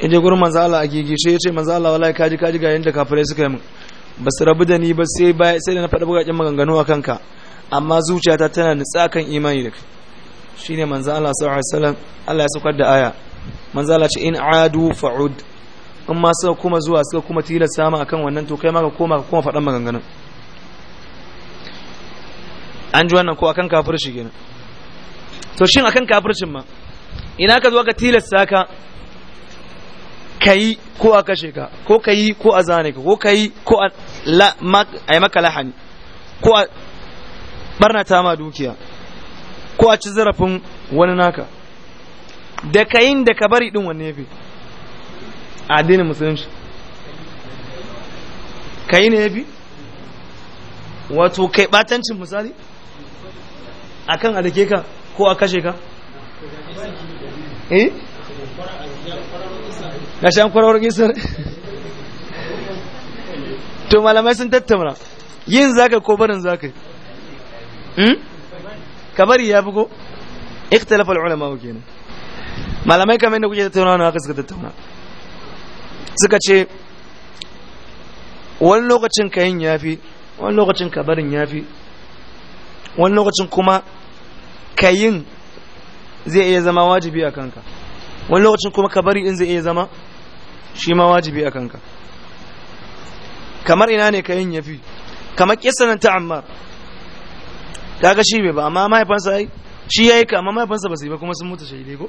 [SPEAKER 1] in je gurin manzo Allah a gigice ya ce manzo Allah wallahi kaji kaji ga yanda kafirai suka yi min ba su rabu da ni ba sai sai da na faɗi bugaƙen maganganu akan ka amma zuciyata tana nutsa kan imani da kai ne manzan Allah sau alaihi wasallam Allah ya saukar da aya manzan Allah ce in adu fa'ud in ma suka kuma zuwa suka kuma tilasta a akan wannan to kai ma ka koma ka koma faɗan maganganun an ji wannan ko akan shi gina to shin akan shi ma ina ka zuwa ka tilasta ka kayi ko a kashe ka ko kayi ko a zane ka ko kayi ko a yi maka lahani ko a barnata ma dukiya ko a ci zarafin wani naka da ka yin da ka bari din wanne fi a addinin musulunci ka yi ne fi wato kai batancin misali a a dake ka ko a kashe ka eh na shan kwarawar gisar to malamai sun tattauna yin zaka ko barin zaka yi hmm? kabari ya bugo ikhtalafa ulama kenan malamai kamar inda kuke tattauna na haka tattauna suka ce wani lokacin ka yin yafi wani lokacin ka barin yafi wani lokacin kuma ka yin zai iya zama wajibi a kanka wani lokacin kuma ka bari in zai iya zama shi ma wajibi a kanka kamar ina ne ka yin yafi kamar kisanin ta kaga shi bai ba amma mahaifansa ai shi yayi ka amma mahaifansa ba su yi ba kuma sun mutu shahidai ko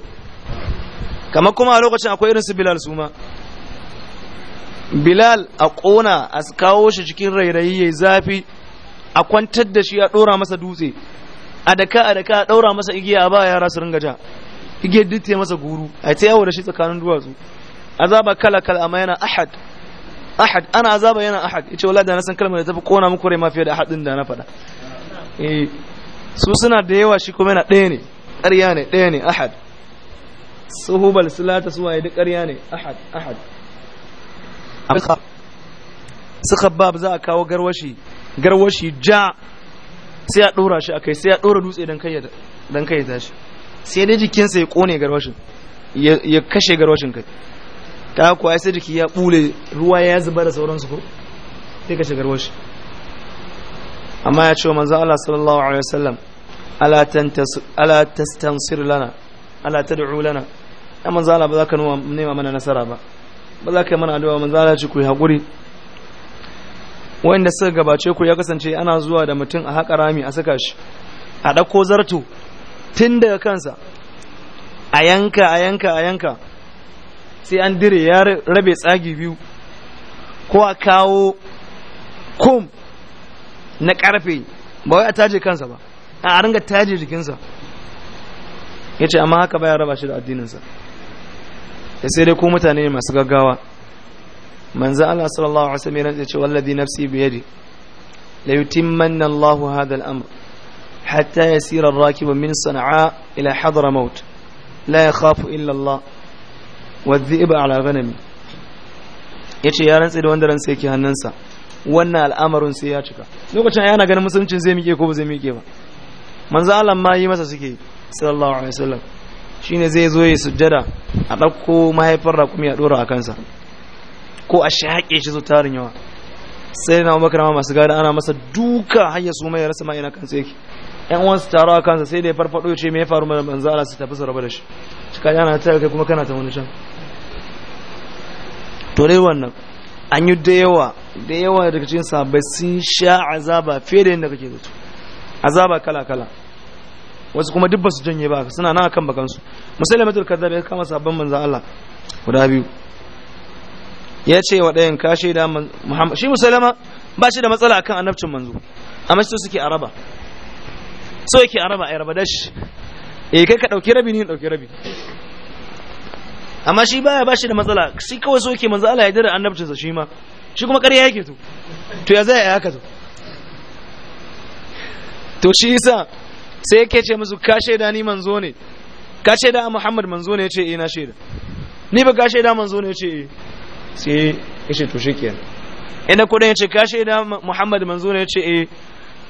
[SPEAKER 1] kama kuma a lokacin akwai irin su Bilal suma Bilal a kona a kawo shi cikin rairayi yayi zafi a kwantar da shi a dora masa dutse a daka a daka a daura masa igiya a ba yara su ringa ja igiyar dutse masa guru a ta yawo da shi tsakanin duwatsu azaba kala kala amma yana ahad ahad ana azaba yana ahad yace wallahi da na san kalmar da tafi kona muku rai ma fiye da ahadin da na faɗa Eh, su suna da yawa shi kuma yana ɗaya ne ƙarya ne ɗaya ne ahad suhubal silata suwaye duk ƙarya ne ahad ahad su khabbab za a kawo garwashi garwashi ja sai a ɗora shi a kai sai a ɗora dutse don kai ya tashi sai dai jikinsa ya ƙone garwashin ya kashe garwashin kai ta kuwa sai jiki ya ɓule ruwa ya zuba da sauransu ko sai kashe garwashi amma ya ce wa manzo Allah sallallahu alaihi wasallam ala tastansir lana ala tad'u lana ya manzo Allah ba za ka nema mana nasara ba ba za ka yi mana addu'a manzo Allah ce ku yi hakuri wanda suka gabace ku ya kasance ana zuwa da mutum a haƙa rami a saka shi a ɗauko zarto tun daga kansa a yanka a yanka a yanka sai an dire ya rabe tsagi biyu ko a kawo kum na karfe ba wai a taje kansa ba a ringa taje jikinsa ya ce amma haka baya raba shi da addininsa ya sai dai ku mutane masu gaggawa manzan Allah sallallahu alaihi wasallam yana ce wallazi nafsi bi la yutimmanna manan Lahu hadal amr hatta yasira raki ba min sana'a ila maut la khafu illa Allah wa dhi'ba ala ya yace ya rantsi da wanda ransa yake hannunsa wannan al'amarin sai ya cika lokacin yana ganin musuluncin zai miƙe ko ba zai miƙe ba manzo Allah ma yi masa suke sallallahu alaihi wasallam shine zai zo ya sujjada a ɗauko mahaifar da kuma ya ɗora a kansa ko a shaƙe shi zo tarin yawa sai na Abubakar ma masu gada ana masa duka hayya su mai rasa ma ina kansa yake ƴan uwan su taro a kansa sai da ya farfado ya ce me ya faru mai manzo Allah su tafi su raba da shi cika yana ta kai kuma kana ta wani can to dai wannan an yi da yawa da yawa daga cikin sahabbai sun sha azaba fiye da yadda kake zato azaba kala kala wasu kuma duk basu janye ba suna nan akan bakan su musailamatul kaza ya kama sabon manzon Allah guda biyu ya ce wa ɗayan ka shaida Muhammad shi musalama ba shi da matsala akan annabcin manzo amma shi suke araba so yake araba ai raba dashi eh kai ka dauki rabi ni in dauki rabi amma shi baya bashi da matsala shi kawai so yake manzo Allah ya dira sa shi ma shi kuma ƙarya yake to to ya zai ya haka to to shi yasa sai yake ce musu ka shaida ni manzo ne ka shaida Muhammad manzo ne yace eh na shaida ni ba ka shaida manzo ne yace eh sai yace to shikenan ina ko dan yace ka shaida Muhammad manzo ne yace eh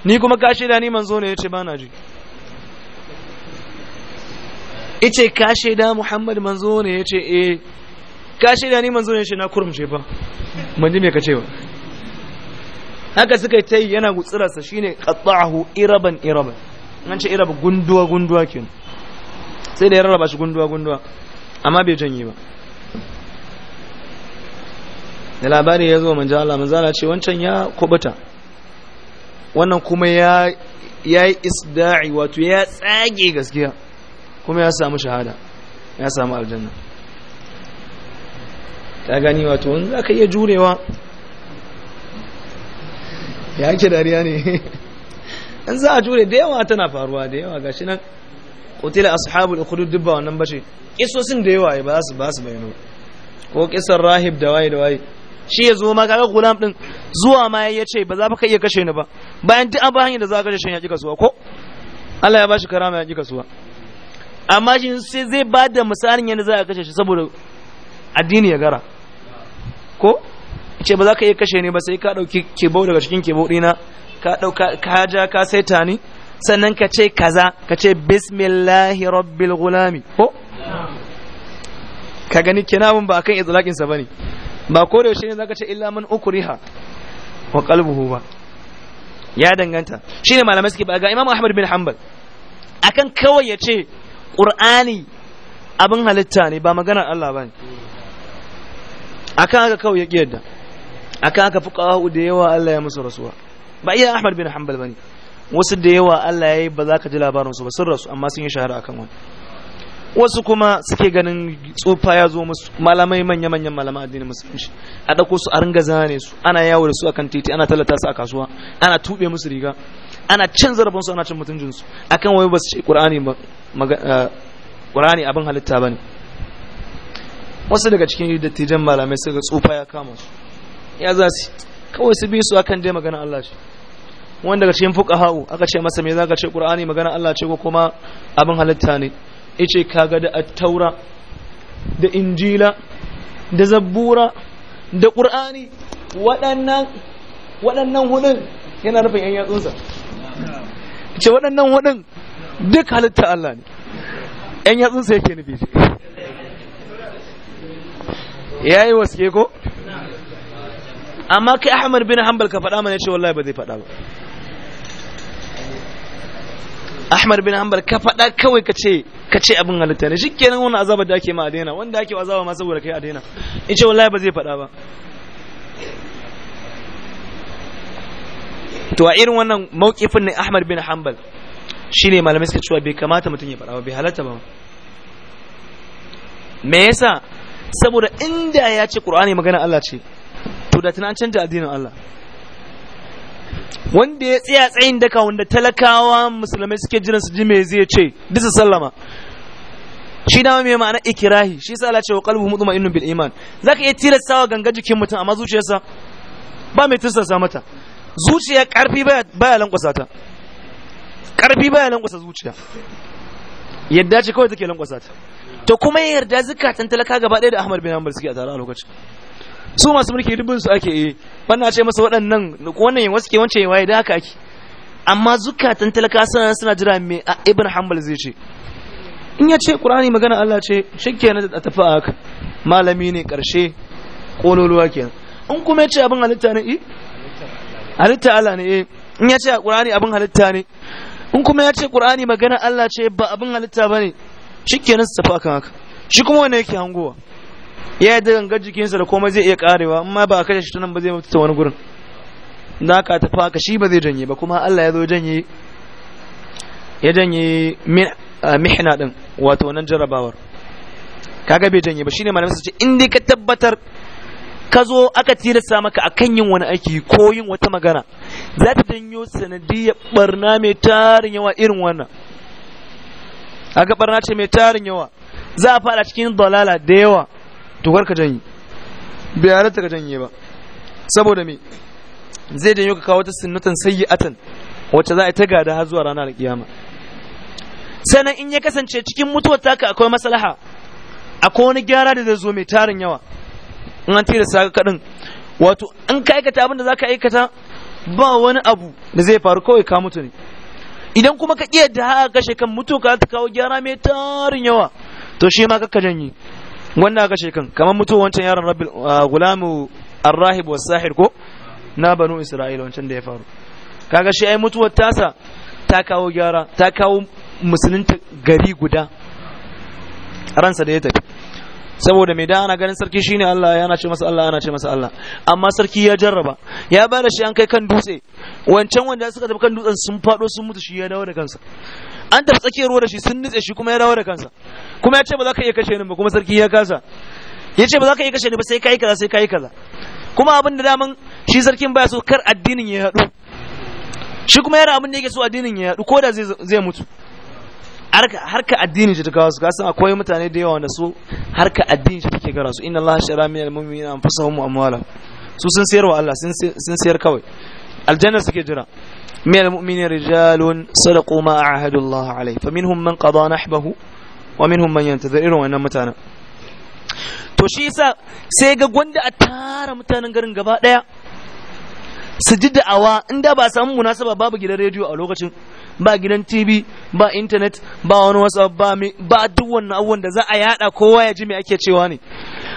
[SPEAKER 1] ni kuma ka shaida ni manzo ne yace ba na ji yace ka shaida Muhammad manzo ne yace eh ka shaida ni manzo ne ce na kurumce fa ji me ka ce ba haka suka ta yi yana gutsirarsa shine qatta'ahu iraban iraban an ce irab gunduwa gunduwa ke. sai da ya rarraba shi gunduwa gunduwa amma bai janye ba da labari ya zo manzo Allah manzo ce wancan ya kubuta wannan kuma ya ya isda'i wato ya tsage gaskiya kuma ya samu shahada ya samu aljanna ta gani wato wani za ka iya jurewa ya ke dariya ne <laughs> in za a jure da yawa tana faruwa da yawa gashi nan kotila da kudu dubba wannan bace kisosin da yawa ba su ba su bayyana ko kisan rahib da waye da waye shi ya zo ma kaga gulam din zuwa ma ya ce ba za ka iya kashe ni ba bayan duk an da za ka kashe shi ya kika suwa ko Allah ya bashi karama ya kika suwa amma shi sai zai ba da misalin yadda za a kashe shi saboda addini ya gara ko ce ba za ka iya kashe ne ba sai ka ɗauki kebo daga cikin kebo ɗina ka ɗauka ka ja ka saita ni sannan ka ce kaza ka ce bismillahi rabbil gulami ko ka gani kinabun ba kan izlaqin sa bane ba ko da yaushe ne zaka ce illa man ukriha wa qalbuhu ba ya danganta shine malamai suke ba ga Imam Ahmad bin Hanbal akan kawai ya ce ƙur'ani abin halitta ne ba maganar Allah ba ne akan haka kawai ya ƙiyarda akan haka fuqahu da yawa Allah ya musu rasuwa ba iya Ahmad bin Hanbal bane wasu da yawa Allah ya yi ba za ka ji labarin su ba sun rasu amma sun yi shahara akan wani wasu kuma suke ganin tsufa ya zo musu malamai manya-manyan malaman addinin musulunci a ɗauko su a ringa zane su ana yawo da su akan titi ana tallata su a kasuwa ana tuɓe musu riga ana cin zarafinsu ana cin mutuncinsu a wai ba su ce ƙur'ani ah, abin halitta ba ne wasu daga cikin dattijan malamai suka tsufa ya kama su ya za su kawai su bi su akan dai magana Allah ce wani daga cikin fuka hau aka ce masa me za ka ce ƙur'ani magana Allah ce ko kuma abin halitta ne ka kaga da taura da injila da zabbura da ƙur'ani waɗannan hudun yana nufin 'yan yatsunsa ce waɗannan waɗin duk halitta Allah ne ‘yan yatsunsa yake nufi ce ya yi waske ko amma kai ahmad bin hanbal ka faɗa mana ce wallahi ba zai faɗa ba ahmad bin hanbal ka faɗa kawai ka ce abin halitta ne shi kenan wani azabar da ake ma a daina wanda ake azaba ma saboda kai a daina in ce wallahi ba zai faɗa ba to a irin wannan mawkifin ne Ahmad bin Hanbal shine malamai suka cewa bai kamata mutum ya faɗa ba bai halatta ba me yasa saboda inda ya ce ƙur'ani magana Allah ce to da tunan canja addinin Allah wanda ya tsaya tsayin daka wanda talakawa musulmai suke jiran su ji me zai ce disa sallama shi dama mai ma'ana ikirahi shi sa Allah ce wa qalbu innu bil iman zaka iya wa ganga jikin mutum amma zuciyarsa ba mai tilasta mata zuciya karfi baya lankwasa ta karfi baya lankwasa zuciya yadda ce kawai take lankwasa ta ta kuma yarda zukatan talaka gaba ɗaya da Ahmad bin Hanbal suke a tare a lokacin su masu mulki dubin su ake yi wannan ce masa waɗannan wannan wasu ke wancan waye da haka ake amma zukatan talaka suna suna jira me a Ibn Hanbal zai ce in ya ce Qur'ani magana Allah ce na a tafi haka malami ne karshe kololuwa kenan in kuma ya ce abin halitta ne eh, halitta Allah ne eh. in ya ce a Qur'ani abin halitta ne in kuma ya ce Qur'ani magana Allah ce ba abin halitta bane shikenan su tafi akan haka shi kuma wani yake hangowa ya yi gangar jikinsa da komai zai iya karewa amma ba a kashe shi ta nan ba zai mutu ta wani gurin da aka tafi haka shi ba zai janye ba kuma Allah ya zo janye ya janye mihna din wato nan jarabawar kaga bai janye ba shine malamin su ce in dai ka tabbatar ka zo aka tilasta maka a kan yin wani aiki ko yin wata magana za ta janyo sanadiyar barna mai tarin yawa irin wannan ga barna ce mai tarin yawa za a fara cikin dalala da yawa to ka janye bai ta ka janye ba saboda me zai janyo ka kawo ta sunnatan sayyi'atan wacce za a ta gada har zuwa ranar kiyama sannan in ya kasance cikin mutuwar taka akwai maslaha akwai wani gyara da zai zo mai tarin yawa in an tilasta ka kadin wato in ka aikata abin da ka aikata ba wani abu da zai faru kawai ka mutu ne idan kuma ka iya da haka kashe kan mutu ka ta kawo gyara mai tarin yawa to shi ma kakka janye wannan kashe kan kamar mutu wancan yaron rabbil ah, gulamu arrahib was sahir ko na banu isra'ila wancan da ya faru kaga shi ai mutuwar tasa ta kawo gyara ta kawo musulunta gari guda ransa da ya tafi saboda mai da ana ganin sarki shine Allah yana ce masa Allah yana ce masa Allah amma sarki ya jarraba ya ba da shi an kai kan dutse wancan wanda suka tafi kan dutsen sun fado sun mutu shi ya dawo da kansa an tafi tsakiyar ruwa da shi sun nutse shi kuma ya dawo da kansa kuma ya ce ba za ka iya kashe ni ba kuma sarki ya kasa ya ce ba za ka iya kashe ni ba sai kai kaza sai kai kaza kuma abin da daman shi sarkin baya so kar addinin ya haɗu shi kuma yana abin da yake so addinin ya haɗu ko da zai mutu harka addini ce ta kawo su ka akwai mutane da yawa wanda su harka addini ce take gara su inna Allah shara min al-mu'minina anfusahum wa amwalahum su sun sayar wa Allah sun sayar kawai aljanna suke jira min al-mu'minina rijalun sadaqu ma ahadu Allah alayhi faminhum man qada nahbahu wa minhum man yantazir irin wannan mutanen to shi yasa sai ga gwanda a tara mutanen garin gaba daya su ji da'awa inda ba samu munasaba babu gidan rediyo a lokacin ba gidan tv ba internet ba wani whatsapp ba ba duk wannan abubuwan da za a yada kowa ya ji mai ake cewa ne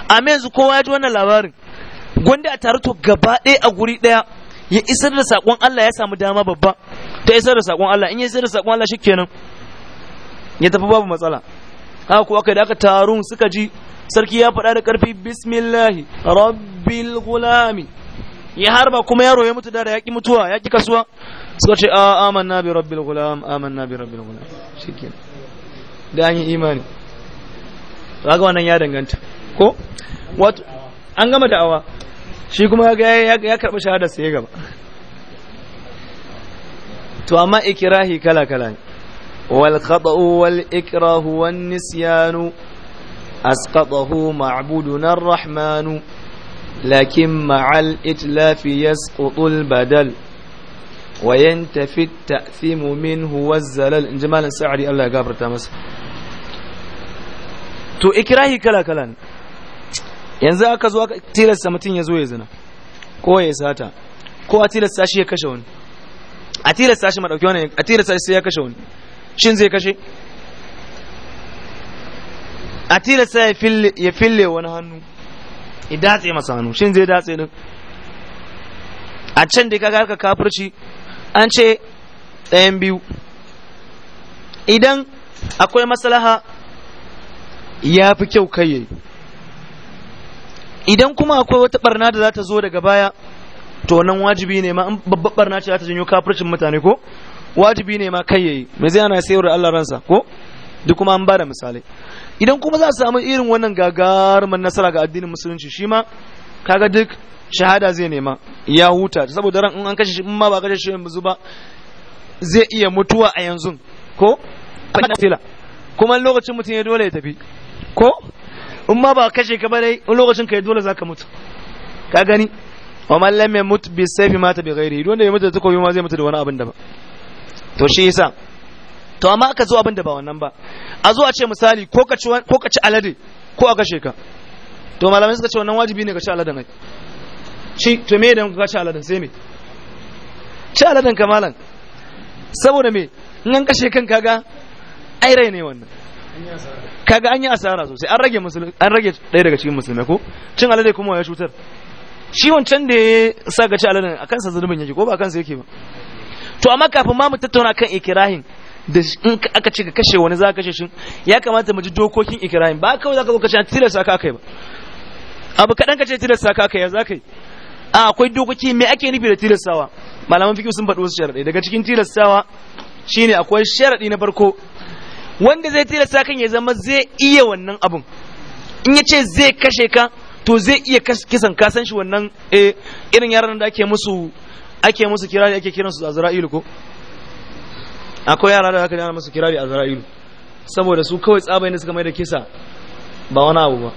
[SPEAKER 1] amma yanzu kowa ya ji wannan labarin gwanda a taru to gaba ɗaya a guri ɗaya ya isar da saƙon Allah ya samu dama babba ta isar da saƙon Allah in ya isar da saƙon Allah shikenan ya tafi babu matsala haka kuwa kai da aka tarun suka ji sarki ya faɗa da ƙarfi bismillahi rabbil gulami ya harba kuma yaro ya mutu da ya ki mutuwa ya ki kasuwa suka ce a na bi rabbil gulam amanna bi rabbil gulam shikin da an yi imani to wannan ya danganta ko wato an gama da'awa shi kuma ya ya karɓi shahadar sai ya gaba to amma ikirahi kala kala ne wal khata'u wal ikrahu wan nisyanu asqatahu ma'buduna ar-rahmanu لكن مع الإتلاف يسقط البدل وينتفي التأثيم منه والزلل جمال السعري الله يقابر تامس تو إكراهي كلا كلا yanzu aka zo tilasta mutum ya zo ya zina ko ya sata ko a tilasta shi ya kashe wani a tilasta shi madauki wani a tilasta shi ya kashe wani shin zai kashe a tilasta ya fille wani hannu ya datse masa hannu shin zai datse din a can da kaga ka kafirci an ce ɗayan biyu idan akwai maslaha ya fi kyau kai yayi idan kuma akwai wata barna da za ta zo daga baya to nan wajibi ne ma babbar barna ce za ta janyo kafircin mutane ko wajibi ne ma kai yayi me zai ana sayar da Allah ransa ko duk kuma an bada misalai idan kuma za su samu irin wannan gagarumar nasara ga addinin musulunci shi ma kaga duk shahada zai nema ya huta saboda ran in an kashe shi in ma ba kashe shi yanzu ba zai iya mutuwa a yanzu ko fila kuma lokacin mutum ya dole ya tafi ko in ma ba kashe ka ba dai lokacin ka ya dole zaka mutu ka gani wa man lam yamut bi sayfi mata bi ghairi wanda ya mutu da takobi ma zai mutu da wani abin da ba to shi yasa to amma aka zo abin da ba wannan ba a zo a ce misali ko ka ci alade ko a kashe ka to malamai suka ce wannan wajibi ne ka ci aladen ai shi to me idan ka ci aladen sai me ci aladen ka malam saboda me in an kashe kan kaga ai rai ne wannan kaga an yi asara sosai an rage musulmi an rage ɗaya daga cikin musulmai ko cin alade kuma ya cutar shi wancan da ya sa ka ci aladen a kansa zulubin yake ko ba kansa yake ba to amma kafin ma mu tattauna kan ikirahin da in aka ce ka kashe wani za ka kashe shi ya kamata mu ji dokokin ikrarin ba kawai za ka zo kashe ka kai ba abu kaɗan ka ce tilas ka kai ya za kai a akwai dokoki me ake nufi da tilastawa malaman fiqh sun faɗi wasu sharaɗi daga cikin tilastawa shine akwai sharaɗi na farko wanda zai tilasta kan ya zama zai iya wannan abun in ya ce zai kashe ka to zai iya kisan kasan shi wannan eh, irin yaran da ake musu ake musu kira ake kiransu a ko akwai yara da aka yi ana kirari a zara'ilu saboda su kawai tsabai ne suka mai da kisa ba wani abu ba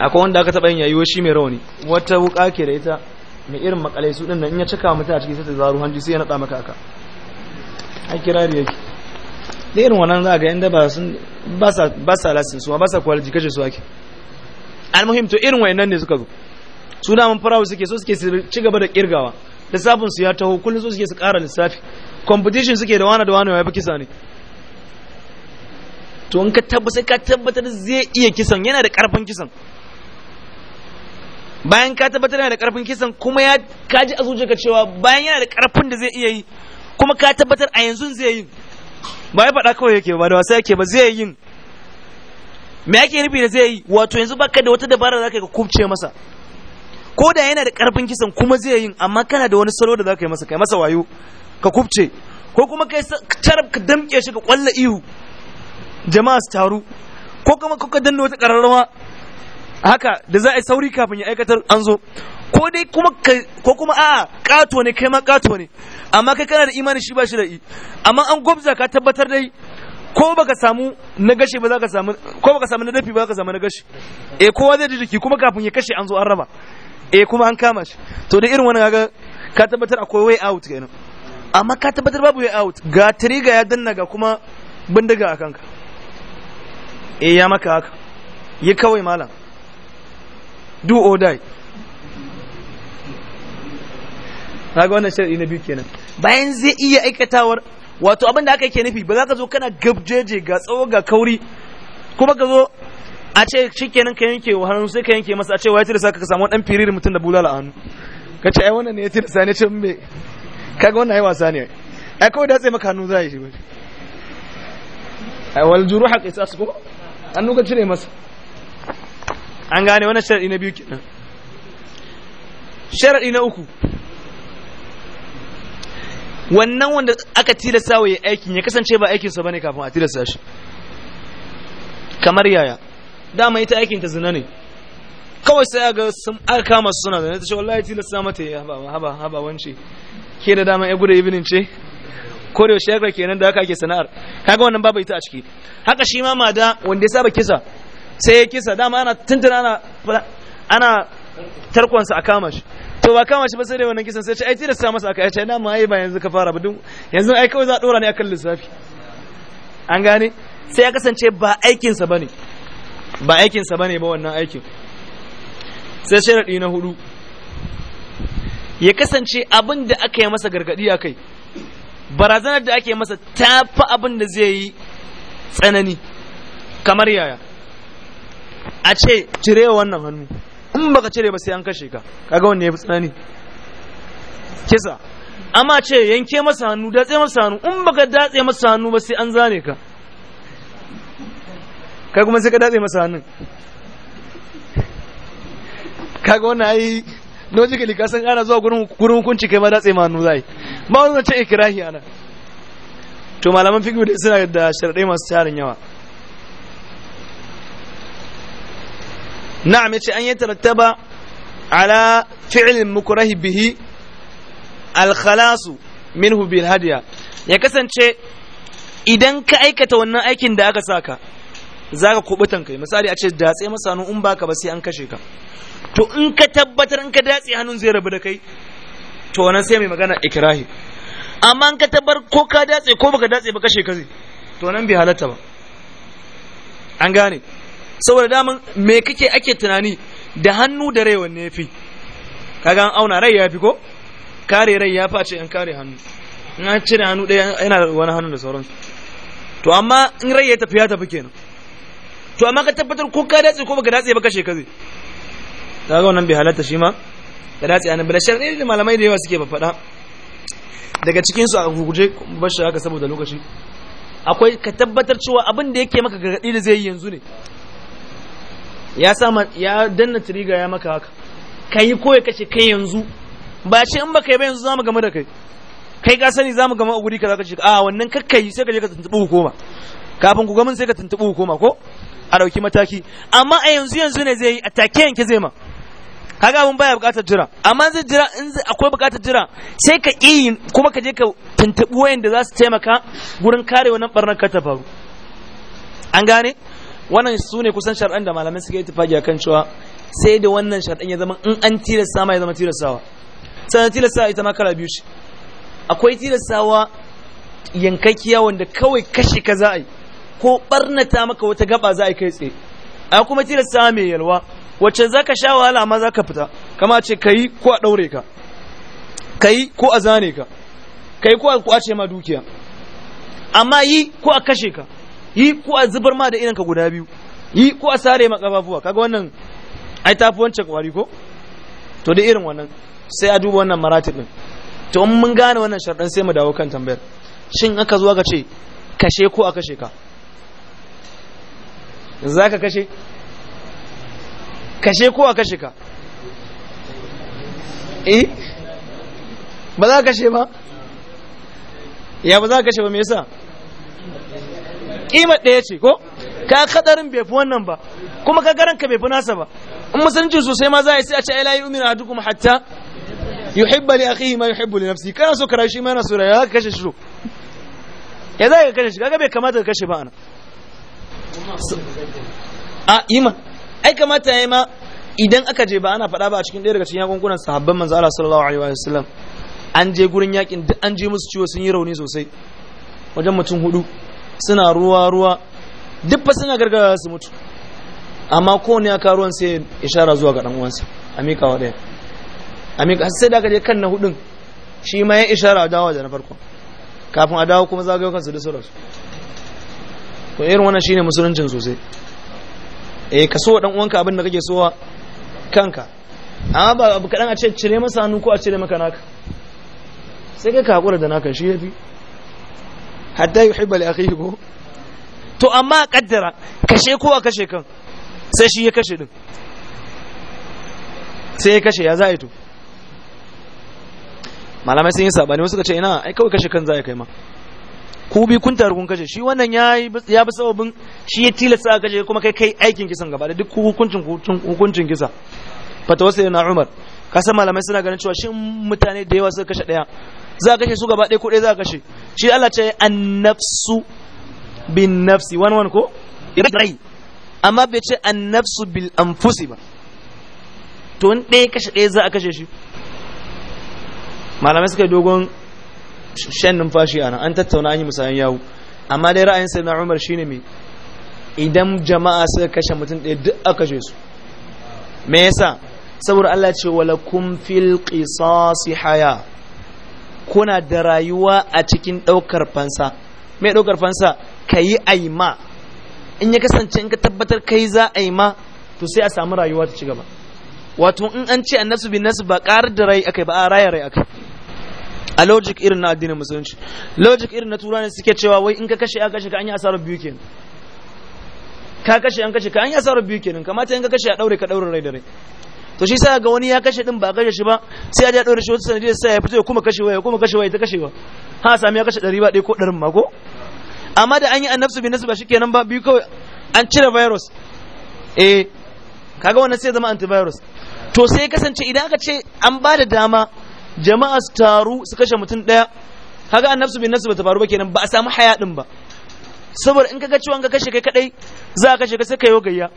[SPEAKER 1] akwai wanda aka taɓa yin yayi shi mai rauni wata wuka ke da ita mai irin makalai su dinnan in ya cika mutum a ciki sai ta zaru hanji sai ya naɗa maka aka a kirari yake da irin wannan za ga yanda ba sun ba sa lasin su ba sa kwalji kashe su ake almuhim to irin wayannan ne suka zo su da mun farawo suke so suke ci gaba da kirgawa lissafin su ya taho kullum so suke su kara lissafi competition suke da wani da wani ya fi kisa ne to in ka tabbatar ka tabbatar zai iya kisan yana da karfin kisan bayan ka tabbatar yana da karfin kisan kuma ya kaji a zuciyarka cewa bayan yana da karfin da zai iya yi kuma ka tabbatar a yanzu zai yi ba ya faɗa kawai yake ba da wasa yake ba zai yi me yake nufi da zai yi wato yanzu baka da wata dabara da zaka ka kubce masa ko da yana da karfin kisan kuma zai yi amma kana da wani salo da zaka yi masa kai masa wayo ka kubce ko kuma kai carab ka damke shi ka kwalla ihu jama'a su taru ko kuma kuka danna wata kararrawa haka da za a yi sauri kafin ya aikatar an zo ko dai kuma ka ko kuma a'a kato ne kai ma kato ne amma kai kana da imani shi ba shi da amma an gwabza ka tabbatar dai ko baka samu na gashi ba za ka samu ko baka samu na dafi ba za ka samu na gashi eh kowa zai ji jiki kuma kafin ya kashe an zo an raba eh kuma an kama shi to da irin wani kaga ka tabbatar akwai way out kenan amma ka tabbatar babu way out ga tiriga ya danna ga kuma bindiga a kanka e ya maka haka yi kawai malam do or die ga wannan shirin na biyu kenan bayan zai iya aikatawar wato abin da aka ke nufi ba za ka zo kana gabjeje ga tsawo ga kauri kuma ka zo a ce shi kenan ka yanke wa hannu sai ka yanke masa a ce wa ya tirisa ka samu dan firirin mutum da bulala a hannu ka ce ai wannan ne ya tirisa ne ce me kaga wannan ai wasa ne ai kawai da tsaye maka hannu za a yi shi bai ai wal juru haƙa isa su ko An ka cire masa an gane wannan sharaɗi na biyu kenan sharaɗi na uku wannan wanda aka tilasta wa aikin ya kasance ba aikinsa bane kafin a tilasta shi kamar yaya dama ita aikin ta zina ne kawai sai ga sun aka kama suna zane ta ce wallahi tilasta mata ya haba haba haba wance ke da dama ya gudu ibinin ce ko da yaushe kenan da haka ke sana'ar kaga wannan babu ita a ciki haka shi ma mada wanda ya saba kisa sai ya kisa dama ana tuntuna ana ana tarkonsa a kama shi to ba kama shi ba sai dai wannan kisan sai ce ai tilas sa masa aka ce na ma ai ba yanzu ka fara ba dun yanzu ai kawai za a dora ne akan lissafi an gane sai ya kasance ba aikin sa bane ba aikin sa bane ba wannan aikin sai sharadi na hudu ya kasance abin da aka yi masa gargadi a kai barazanar da ake masa ta fi abin da zai yi tsanani kamar yaya a ce cire wannan hannu in baka cire ba sai an kashe ka kaga ya fi tsanani kisa amma ce yanke masa hannu datse masa hannu in baka datse masa hannu ba sai an zane ka kai kuma sai ka datse masa hannun kaga wannan ai jika lika sun ana zuwa gurin gurin hukunci kai ma datse ma hannu zai ba wani zance ikrahi ana to malaman fiqh da suna da sharadai masu tarin yawa na'am yace an yatarattaba ala fi'l mukrahi bihi al-khalas minhu bil hadiya ya kasance idan ka aikata wannan aikin da aka saka zaka kubutan kai misali a ce da datse masanu in baka ba sai an kashe ka to in ka tabbatar in ka datse hannun zai rabu da kai to wannan sai mai magana ikrahi amma in ka tabbar ko ka datse ko baka datse ba kashe ka zai to nan bai halatta ba an gane saboda daman me kake ake tunani da hannu da rai wanne yafi kaga an auna rai yafi ko kare rai yafi a ce an kare hannu in an cire hannu ɗaya yana da wani hannu da sauransu to amma in rai ya tafi ya tafi kenan to amma ka tabbatar ko ka datse ko baka datse ba kashe ka zai kaga wannan bai halatta shi ma da dace anan bilashar ne da malamai da yawa suke faɗa daga cikin su a guje bashi haka saboda lokaci akwai ka tabbatar cewa abin da yake maka gargadi da zai yi yanzu ne ya sama ya danna trigger ya maka haka kai ko ya kace kai yanzu ba shi in baka yi ba yanzu mu gama da kai kai ka sani za mu gama a guri ka ce a wannan kakkai sai ka je ka tuntubi hukuma kafin ku gamin sai ka tuntubi hukuma ko a dauki mataki amma a yanzu yanzu ne zai yi a take yanke zai ma kaga abun baya bukatar jira amma zai jira in akwai bukatar jira sai ka yi kuma ka je ka tuntubi wayanda za su taimaka gurin kare wannan barnar ka ta faru an gane wannan su ne kusan shar'an da malamai suka yi tufagi akan cewa sai da wannan shar'an ya zama in an tilasta ma ya zama tilastawa sannan tilastawa ita ma kala biyu ce akwai tilastawa yankakkiya wanda kawai kashe ka za a yi ko barnata maka wata gaba za a yi kai tsaye a kuma tilasta mai yalwa wacce za ka sha wahala amma za ka fita kama ce ka yi ko a ɗaure ka ka yi ko a zane ka ka yi ko a kwace ma dukiya amma yi ko a kashe ka yi ko a zubar ma da irin ka guda biyu yi ko a sare ma kafafuwa kaga wannan ai tafi wancan kwari ko to da irin wannan sai a duba wannan maratib din to in mun gane wannan sharɗan sai mu dawo kan tambayar shin aka zuwa ka ce kashe ko a kashe ka za ka kashe kashe ko a kashe ka eh ba za ka kashe ba ya ba za ka kashe ba me yasa kima ɗaya ce ko ka kadarin bai fi wannan ba kuma ka garan ka bai fi nasa ba in musulunci sosai ma za a yi sai a ce ilahi umina a dukkan hatta yuhibba li akhihi ma yuhibbu li nafsi kana so karashi ma yana so ya ka kashe shi ya za ka kashe shi kaga bai kamata ka kashe ba ana a iman ai kamata yayi ma idan aka je ba ana faɗa ba a cikin ɗaya daga cikin yakunkunan sahabban manzo Allah sallallahu alaihi wa sallam an je gurin yakin duk an je musu ciwo sun yi rauni sosai wajen mutum hudu suna ruwa ruwa duk fa suna gargara su mutu amma kowane ya ruwan sai ishara zuwa ga dan uwansa a mika wa ɗaya a mika sai da aka je kan na hudun shi ma ya ishara a dawo da na farko kafin a dawo kuma zagayo kansu da sauransu to irin wannan shine musuluncin sosai eh ka so dan uwanka abin da kake sowa kanka amma ba abu kadan a ce cire masa hannu ko a cire maka naka sai kai ka hakura da naka shi yafi hatta yuhibba li akhihi ko to amma kaddara kashe ko a kashe kan sai shi ya kashe din sai ya kashe ya za'a to malamai sun yi sabani wasu ka ce ina ai kawai kashe kan zai kai ma ku bi kun taru kun kashe shi wannan yi ya bi sababin shi ya tilasta aka kashe kuma kai kai aikin kisan gaba da duk hukuncin hukuncin kisa wasu na Umar kasan malamai suna ganin cewa shin mutane da yawa suka kashe daya za a kashe su gaba ɗaya ko ɗaya za a kashe shi Allah ce an nafsu bin nafsi wani wani ko rai amma bai ce an nafsu bil anfusi ba to in ɗaya kashe ɗaya za a kashe shi malamai suka yi dogon shan numfashi ana an tattauna an yi musayan yawo amma dai ra'ayin sai na umar shine me idan jama'a suka kashe mutum ɗaya duk a kashe su me yasa saboda Allah ce wala kum fil su haya kuna da rayuwa a cikin ɗaukar fansa me ɗaukar fansa kayi aima in ya kasance in ka tabbatar kai za a yi ma to sai a samu rayuwa ta ci gaba wato in an ce annasu bin nasu ba ƙarar da rai akai ba a raya rai akai a logic irin na addinin musulunci logic irin na turani suke cewa wai in ka kashe ya kashe ka an yi asarar biyu kenan ka kashe an kashe ka an yi asarar biyu kenan kamata in ka kashe a daure ka daure rai da rai to shi sa ga wani ya kashe din ba kashe shi ba sai ya daure shi wata sanadiyar sai ya fito ya kuma kashe waya kuma kashe waya ta kashe ha sami ya kashe dari ba ɗaya ko ɗarin ma ko amma da an yi annabsu bi nasu ba shi kenan ba biyu kawai an cire virus eh kaga wannan sai zama antivirus to sai kasance idan aka ce an ba da dama jama'a su taru su kashe mutum ɗaya kaga nafsu bin nasu ta faru ba kenan ba a samu haya din ba saboda in kaga ciwon ka kashe kai kadai za ka kashe ka sai ka yi gayya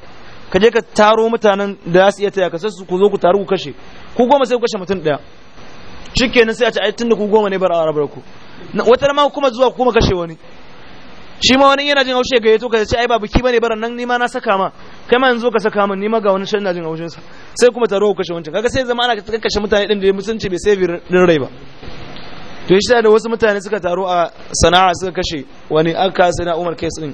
[SPEAKER 1] ka je ka taro mutanen da za su iya taya ka sai su ku zo ku taru ku kashe ku goma sai ku kashe mutum ɗaya kenan sai a ce ai tunda ku goma ne bar a rabar ku wata ma kuma zuwa kuma kashe wani shi ma wani yana jin haushe ga yato ka ce ai ba biki bane bara nan nima na saka ma kai ma yanzu ka saka min nima ga wani shan jin haushin sa sai kuma taro kashe wancan kaga sai zama ana kashe mutane din da mutunci bai sai din rai ba to shi da wasu mutane suka taro a sana'a suka kashe wani aka sai na Umar Kais din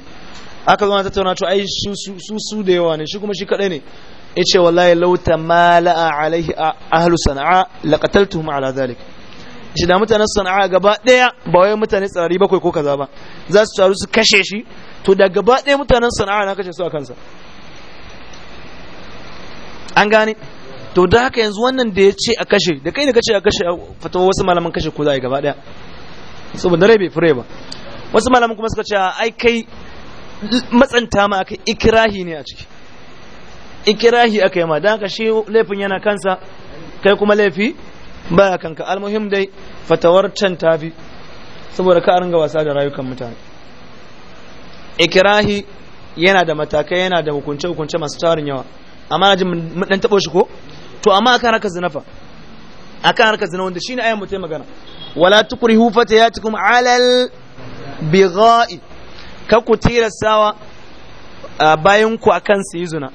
[SPEAKER 1] aka zo na tattauna to ai su su da yawa ne shi kuma shi kadai ne yace wallahi law tamala alaihi ahlu sana'a laqataltuhum ala dhalik shi da mutanen sana'a gaba daya ba wai mutane tsarari bakwai ko kaza ba za su taru su kashe shi to da gaba daya mutanen sana'a na kashe su a kansa an gane to da haka yanzu wannan da ya ce a kashe da kai ne kace a kashe fatawa wasu malaman kashe ko za a yi gaba daya saboda rai bai fure ba wasu malaman kuma suka ce ai kai matsanta ma aka ikirahi ne a ciki ikirahi aka yi ma da haka shi laifin yana kansa kai kuma laifi baya kanka almuhim dai fatawar can tafi saboda ka ringa wasa da rayukan mutane ikirahi yana da matakai yana da hukunce hukunce masu tarin yawa amma na ji mun dan taɓo shi ko to amma akan zina fa akan harkar zina wanda shine ayan mutai magana wala tukrihu fatayatikum alal bighai ka ku tirasawa bayan ku akan su yi zina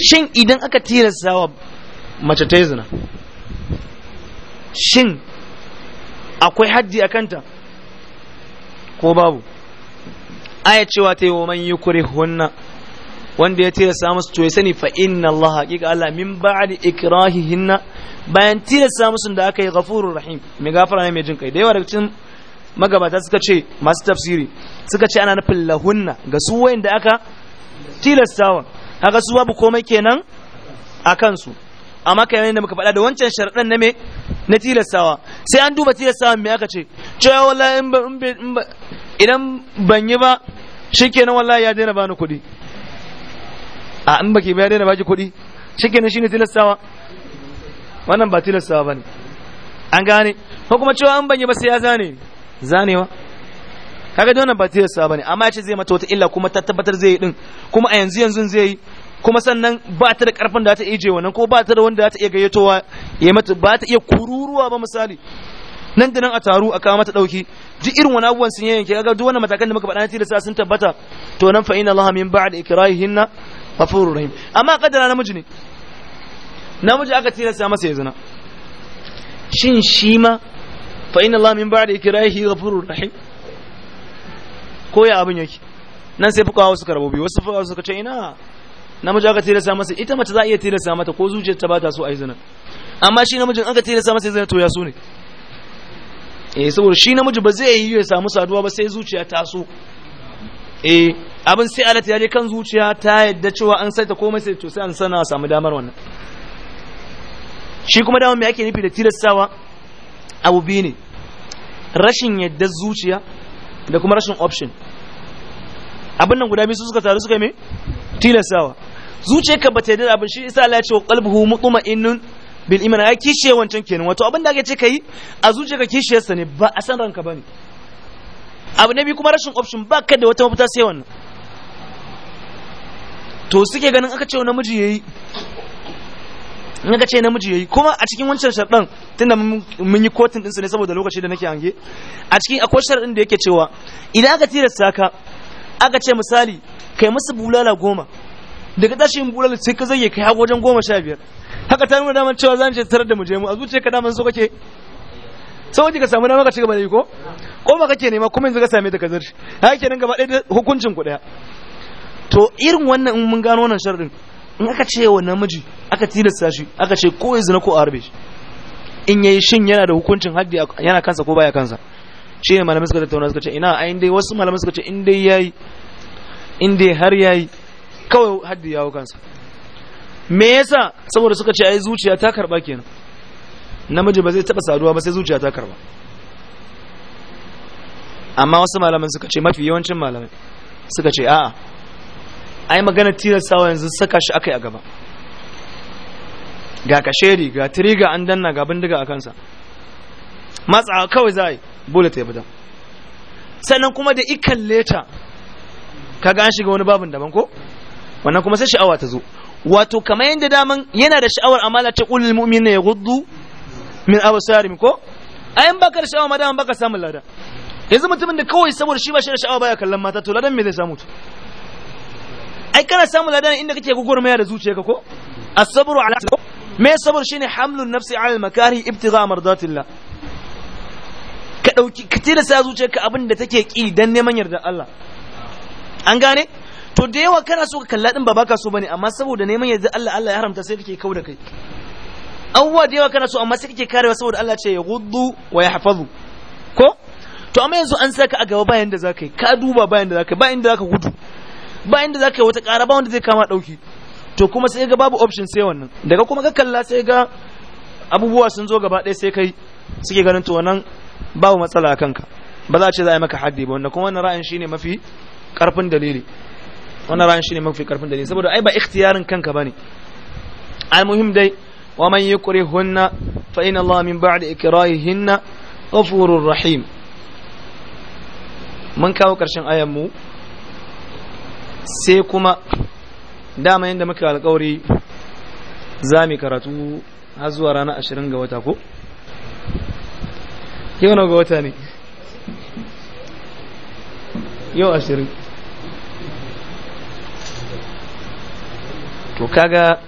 [SPEAKER 1] shin idan aka tirasawa mace ta yi zina shin akwai haddi a kanta ko babu aya cewa ta yi wa man yi kure hunna wanda ya tilasta musu to ya sani fa inna Allah haƙiƙa Allah min ba'di ikrahihinna bayan tilasta musu da aka yi ghafurur rahim mai gafara ne mai jin kai da yawa daga cikin magabata suka ce masu tafsiri suka ce ana nufin lahunna ga su wayanda aka tilastawa haka su babu komai kenan a kansu amma kamar da muka faɗa da wancan sharadan na me na tilasawa sai an duba tilasawa me aka ce cewa wallahi in ba idan ban yi ba shikenan wallahi ya daina bani kuɗi a in baki ba ya daina baki kuɗi shikenan shine tilasawa? wannan ba tilasawa bane an gane ko kuma cewa an ban yi ba sai ya zane zanewa kaga don nan ba tilasawa bane amma ya ce zai mata wata illa kuma ta tabbatar zai yi din kuma a yanzu yanzu zai yi kuma sannan ba ta da karfin da ta ije wannan ko ba ta da wanda za ta iya gayyatowa ya mata ba ta iya kururuwa ba misali nan da nan a taru a kawo mata dauki ji irin wani abubuwan sun yanke ga duk wannan matakan da muka faɗa na tilasta sun tabbata to nan fa inna allaha min ba'd ikrahihinna ghafurur rahim amma kadara namiji ne namiji aka tilasta masa ya zina shin shi ma fa inna allaha min ba'd ikrahihi ghafurur rahim ko ya abin yake nan sai fuka wasu karbobi wasu fuka suka ce ina namiji aka tilasta masa ita mace za a iya tilasta mata ko zuciyar ta ba ta so a yi zina amma shi namijin aka tilasta masa ya zina to ya so ne eh saboda shi namiji ba zai yi ya samu saduwa ba sai zuciya ta so eh abin sai alata ya je kan zuciya ta yadda cewa an saita komai sai to sai an sana samu damar wannan shi kuma dama me ake nufi da tilastawa abu biyu ne rashin yadda zuciya da kuma rashin option abin nan guda biyu su suka taru suka me tilastawa zuciyarka ba ta abin shi isa Allah ya ce wa qalbuhu mutma'innun bil iman ya kishiye wancan kenan wato abin da aka ce kai a zuciyarka kishiyarsa ne ba a san ranka bane abu na biyu kuma rashin option ba ka da wata mafita sai wannan to suke ganin aka ce namiji yayi in aka ce namiji yayi kuma a cikin wancan sharɗan tunda mun yi din ɗinsu ne saboda lokaci da nake hange a cikin akwai sharɗin da yake cewa idan aka tilasta ka aka ce misali kai musu bulala goma daga tashin bulal sai ka zai kai hagu wajen goma sha biyar haka ta nuna daman cewa zan ce tarar da mu je mu a zuciya ka daman so kake sai ka samu dama ka cigaba da yi ko ko ba kake nema kuma yanzu ka same ta ka zarshi haka kenan gaba ɗaya hukuncin ku ɗaya to irin wannan in mun gano wannan sharɗin in aka ce wa namiji aka tilasta shi aka ce ko yanzu na ko a harbe shi in yayi shin yana da hukuncin haddi yana kansa ko baya kansa shi ne malamai suka tattauna suka ce ina ayin dai wasu malamai suka ce in dai yayi in dai har yayi kawai haddi ya hau kansa me yasa saboda suka ce ai zuciya ta karba kenan namiji ba zai taba saduwa ba sai zuciya ta karba amma wasu malaman suka ce mafi yawancin malamai suka ce a'a ai magana tilastawa yanzu saka shi akai a gaba ga kasheri ga triga an danna ga bindiga a kansa matsa kawai za a yi ta yi fita sannan kuma da ikan leta kaga an shiga wani babin daban ko wannan kuma sai sha'awa ta zo wato kamar yadda daman yana da sha'awar amma la ta lil mu'min ya guddu min absarim ko ayan baka da sha'awa madan baka samu lada yanzu mutumin da kawai saboda shi ba shi da sha'awa baya kallon mata to ladan me zai samu to ai kana samu ladan inda kake gugurmaya da zuciyarka ko as-sabru ala me sabr shine hamlun nafsi ala al-makari ibtigha mardatillah ka dauki ka tilasta zuciyarka abin da take ki dan neman yardan Allah an gane to da yawa kana so ka kalla din ba baka so bane amma saboda neman yanzu Allah Allah ya haramta sai kake da kai awwa da yawa kana so amma sai kake karewa saboda Allah ce ya guddu wa ya ko to amma yanzu an saka a gaba bayan da zaka yi ka duba bayan da zaka yi bayan da zaka gudu bayan da zaka yi wata ƙara ba wanda zai kama dauki to kuma sai ga babu option sai wannan daga kuma ka kalla sai ga abubuwa sun zo gaba ɗaya sai kai suke ganin to wannan babu matsala a kanka ba za a ce za a yi maka haddi ba wanda kuma wannan ra'ayin shine mafi ƙarfin dalili wannan ra'ayin shine mafi karfin dalili saboda ai ba ikhtiyarin kanka bane almuhim dai wa man yukrihunna fa inna Allah min ba'di ikrahihinna ghafurur rahim mun kawo karshen ayan mu sai kuma dama yanda muka alƙawari za mu karatu har zuwa rana ashirin ga wata ko? yau na ga wata ne yau ashirin to kaga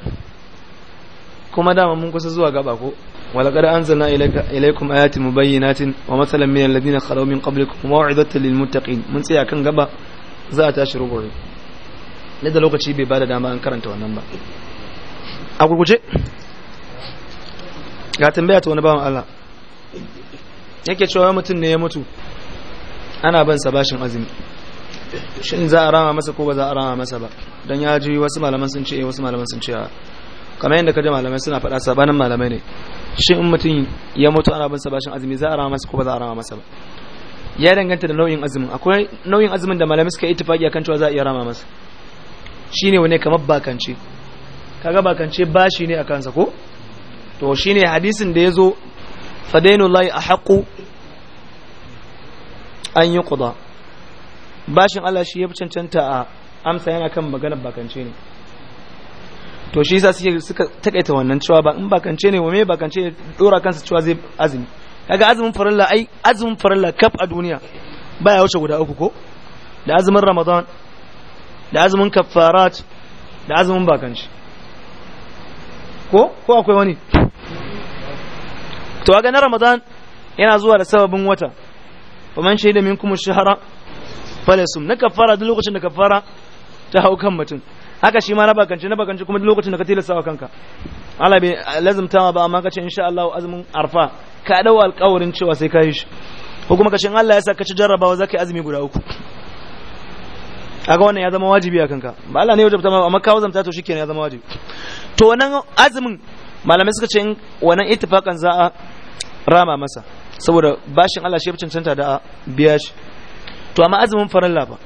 [SPEAKER 1] kuma dama mun kusa zuwa gaba ko walaqad anzalna ilaykum ayati mubayyinatin wa masalan min alladhina khalaw min qablikum maw'izatan lil muttaqin mun tsaya kan gaba za a tashi rubuci ne da lokaci bai bada dama an karanta wannan ba a gurguje ga tambaya ta wani bawan Allah yake cewa mutum ne ya mutu ana bansa bashin azumi shin za a rama masa ko ba za a rama masa ba don ya ji wasu malaman sun ce eh, wasu malaman sun cewa kamar yadda kaji malamai suna faɗa sabanin malamai ne shin in mutum ya mutu ana bin bashin azumi za a rama masa ko ba za a rama masa ba ya danganta da nau'in azumin akwai nau'in azumin da malamai suka yi ittifaki akan cewa za a iya rama masa shine wane kamar bakance kaga bakance bashi ne a kansa ko to shine hadisin da yazo fadainullahi ahaqu an yuqda bashin Allah shi ya fi cancanta a amsa yana kan maganar bakance ne to shi yasa suke suka takaita wannan cewa ba in bakance ne wa me bakance ne dora kansa cewa zai azumi kaga azumin farilla ai azumin farilla kaf a duniya baya wuce guda uku ko da azumin ramadan da azumin kaffarat da azumin bakanci ko ko akwai wani to kaga na ramadan yana zuwa da sababin wata faman shaida minkum shahara falasum na kafara duk lokacin da kafara ta hau kan mutum haka shi ma na bakance na bakance kuma duk lokacin da ka tilasta wa kanka Allah bai lazumta ba amma kace insha Allah azumin arfa ka dau alƙawarin cewa sai ka yi shi ko kuma kace in Allah ya sa ka ci jarrabawa zaka yi azumi guda uku aga wannan ya zama wajibi a kanka ba Allah ne ya wajabta amma ka wazamta to shikenan ya zama wajibi to wannan azumin malamai suka ce in wannan ittifaqan za a rama masa saboda bashin Allah shi ya cancanta da biya shi to amma azumin farilla ba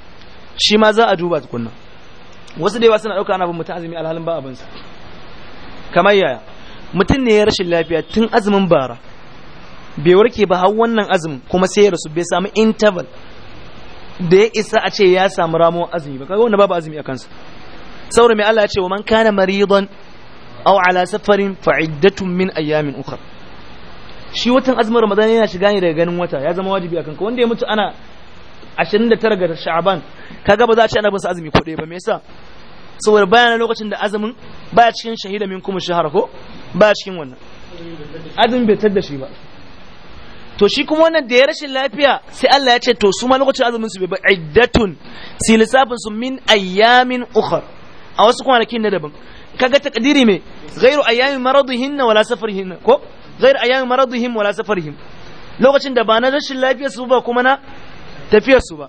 [SPEAKER 1] shi ma za a duba tukunna wasu da yawa suna ɗauka ana bin mutum azumi alhalin ba abinsa kamar yaya mutum ne ya rashin lafiya tun azumin bara bai warke ba har wannan azumin kuma sai ya rasu bai samu interval da ya isa a ce ya samu ramuwar azumi ba kaga wanda babu azumi a kansa Sa'ura mai Allah ya ce wa man kana maridan aw ala safarin fa iddatun min yamin ukhra shi watan azumin ramadan yana shiga ne daga ganin wata ya zama wajibi akan ka wanda ya mutu ana 29 ga sha'aban kaga ba za a ce ana basu azumi ko ɗaya ba me yasa saboda bayan lokacin da azumin baya cikin shahida min kuma shahara ko baya cikin wannan azumin bai tada shi ba to shi kuma wannan da ya rashin lafiya sai Allah ya ce to su ma lokacin azumin su bai ba iddatun si lissafin su min ayyamin ukhar a wasu kwanakin na daban kaga takdiri me ghairu ayyamin maradihin wala safarihinna ko ghairu ayyamin maradihim wala safarihim lokacin da ba na rashin lafiya su ba kuma na tafiyarsu ba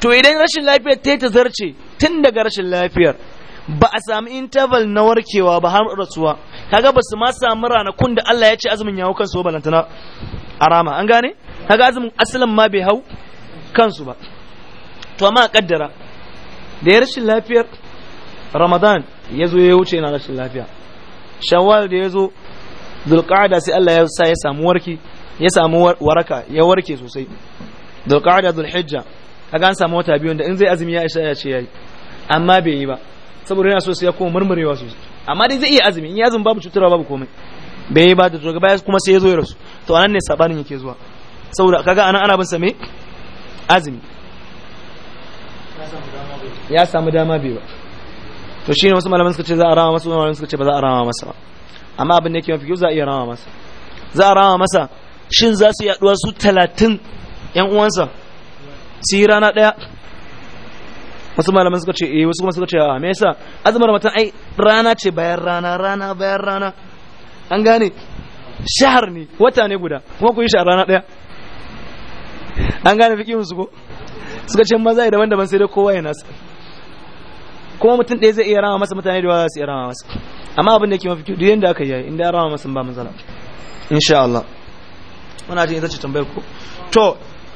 [SPEAKER 1] to idan rashin lafiyar ta ta zarce tun daga rashin lafiyar ba a samu interval na warkewa ba har rasuwa kaga ba su ma samu ranakun da Allah ya ce azumin ya hau kansu ba arama an gane kaga azumin asalin ma bai hau kansu ba to amma kaddara da ya rashin lafiyar ramadan ya zo ya wuce na rashin lafiya shawwal da ya zo zulqa'ada sai Allah ya sa ya samu warki ya samu waraka ya warke sosai dhulqa'ada dhulhijja kaga an samu wata biyu da in zai azumi ya isa ya ce yayi amma bai yi ba saboda yana so sai ya koma murmurewa sosai amma dai zai iya azumi in ya azumi babu cutarwa babu komai bai yi ba da daga baya kuma sai ya zo ya rasu to anan ne sabanin yake zuwa saboda kaga anan ana bin sa me azumi ya samu dama bai ba to shine wasu malaman suka ce za a rama masa wasu malaman suka ce ba za a rama masa ba amma abin da yake mafi kyau za a iya rama masa za a rama masa shin za su yaduwa su talatin yan uwansa su yi rana ɗaya wasu malaman suka ce eh wasu kuma suka ce a ah, me yasa azumar ramadan ai rana ce bayan rana rana bayan rana an gane shahar ne wata ne guda kuma ku yi shahar rana ɗaya an gane fikin su ko suka ce maza yi daban-daban sai dai kowa ya nasa kuma mutum ɗaya zai iya rama masa mutane da za su iya rama masa amma abin da ke mafi duk yadda aka yi inda ya rama masa ba matsala insha Allah Muna jin ita ce tambayar ko to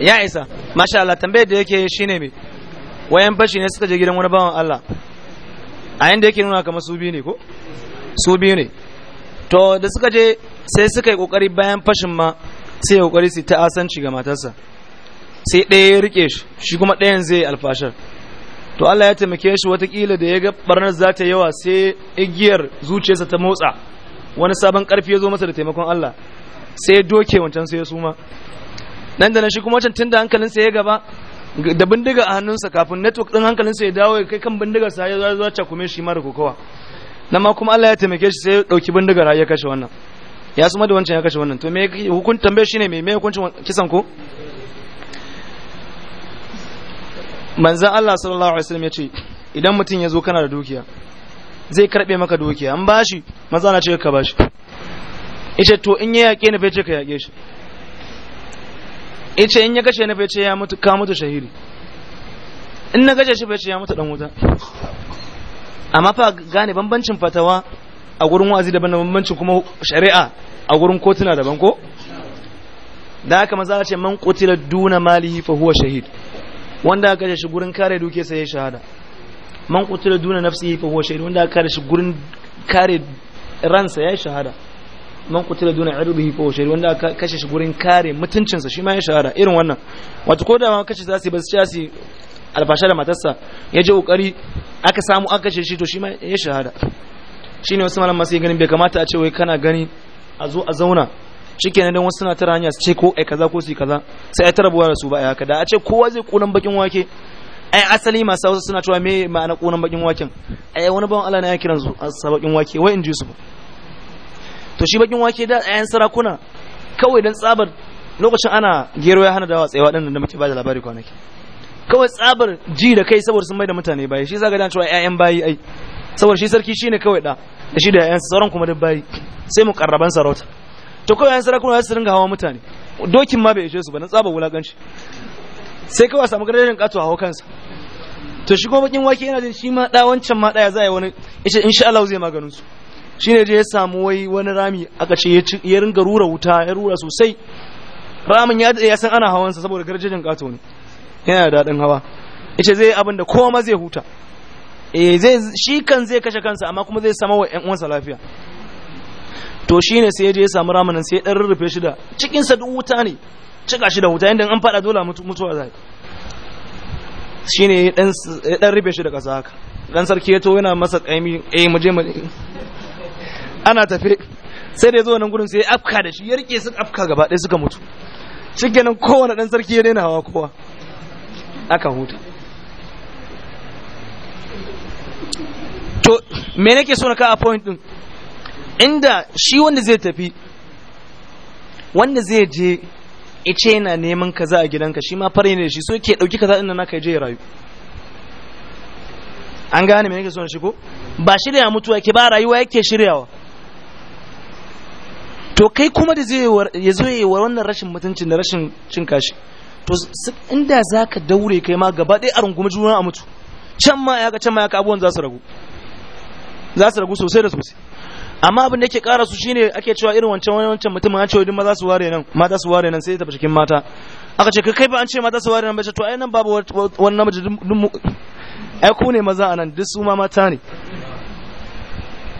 [SPEAKER 1] ya isa masha Allah tambayar da yake shine me wayan fashi ne suka je gidan wani bawan Allah a yanda yake nuna kamar su biyu ne ko su biyu ne to da suka je sai suka yi kokari bayan fashin ma sai ya kokari su ta asanci ga matarsa sai ɗaya ya rike shi shi kuma ɗayan zai alfashar to Allah ya taimake shi watakila da ya ga barnar za ta yawa sai igiyar zuciyarsa ta motsa wani sabon karfi ya zo masa da taimakon Allah sai ya doke wancan sai ya suma nan da nan shi kuma wancan tunda sa ya gaba da bindiga a hannunsa kafin network din sa ya dawo ya kai kan bindigar sa ya zo zuwa kuma shi mara kokowa nan ma kuma Allah ya taimake shi sai ya dauki bindigar ya kashe wannan ya suma da wancan ya kashe wannan to me hukun tambaye shine me me hukuncin kisan ko manzon Allah sallallahu alaihi wasallam ya ce idan mutum ya zo kana da dukiya zai karbe maka dukiya an bashi maza na ce ka bashi ita to in ya yake ni fa ce ka yake shi ce in ya kashe na fa ya mutu ka mutu shahidi in na kashe shi fa ya mutu dan wuta amma fa gane bambancin fatawa a gurin wazi daban bambancin kuma shari'a a gurin kotuna daban ko da haka maza ce man kotila duna malihi fa huwa shahid wanda aka kashe shi gurin kare duke sai ya shahada man kotila duna nafsihi fa huwa shahid wanda aka kare shi gurin kare ransa ya shahada man kutila duna irbihi fa shari wanda aka kashe shi gurin kare mutuncinsa shi ma ya shahara irin wannan wato ko da ma kashe zasu ba su ci alfasha da matarsa ya je kokari aka samu aka kashe shi to shi ma ya shahara shine wasu malaman sai ganin bai kamata a ce wai kana gani a zo a zauna shikenan dan wasu suna tara hanya su ce ko ai kaza ko su kaza sai ai tarabuwa da su ba ai haka da a ce kowa zai kunan bakin wake ai asali masu hausa suna cewa me ma'ana kunan bakin waken ai wani bawan Allah ne ya kiran su bakin wake wai in ji su to shi bakin wake da ayan sarakuna kawai dan tsabar lokacin ana gero ya hana dawa tsayawa din da muke ba da labari kwanaki kawai tsabar ji da kai saboda sun mai da mutane bayi shi zaga dan cewa ayan bayi ai saboda shi sarki shine kawai da da shi da ayan sauran kuma duk bayi sai mu karraban sarauta to kawai ayan sarakuna za su ringa hawa mutane dokin ma bai ishe su ba na tsabar wulakanci sai kawai samu garejin kato a hau kansa to shi kuma bakin wake yana jin shi ma da wancan ma da ya za yi wani insha Allah zai maganin su shine je ya samu wai wani rami aka ce ya ringa rura wuta ya rura sosai ramin ya ya san ana hawansa saboda garjejin kato ne yana da daɗin hawa yace zai abin da koma zai huta eh zai shi kan zai kashe kansa amma kuma zai sama wa ƴan uwansa lafiya to shine sai ya je ya samu ramin sai ya dan rurrufe shi da cikin sa duk wuta ne cika shi da wuta yadda an fada dole mutuwa zai shine ya dan rufe shi da kasa haka dan sarki ya to yana masa kaimi eh mu je mu ana tafe sai da ya zo nan gurin sai ya afka da shi ya rike su afka gaba ɗaya suka mutu nan kowane ɗan sarki ya daina hawa kowa aka huta to me nake so na ka a point din inda shi wanda zai tafi wanda zai je ya ce yana neman kaza a gidanka shi ma fare ne shi so ke dauki kaza na ka je ya rayu an gane me nake so na shi ko ba shirya mutuwa yake ba rayuwa yake shiryawa to kai kuma da zai ya zo yi wa wannan rashin mutuncin da rashin cin kashi to inda za ka daure kai ma gaba ɗaya a rungumi juna a mutu can ma ya can ma ya abuwan abubuwan za su ragu za su ragu sosai da sosai amma abin da yake ƙara su shine ake cewa irin wancan wani wancan mutum an ce wani maza su ware nan mata su ware nan sai ta cikin mata aka ce kai ba an ce mata su ware nan ba to ai nan babu wani namiji dun ai ku ne maza anan duk su ma mata ne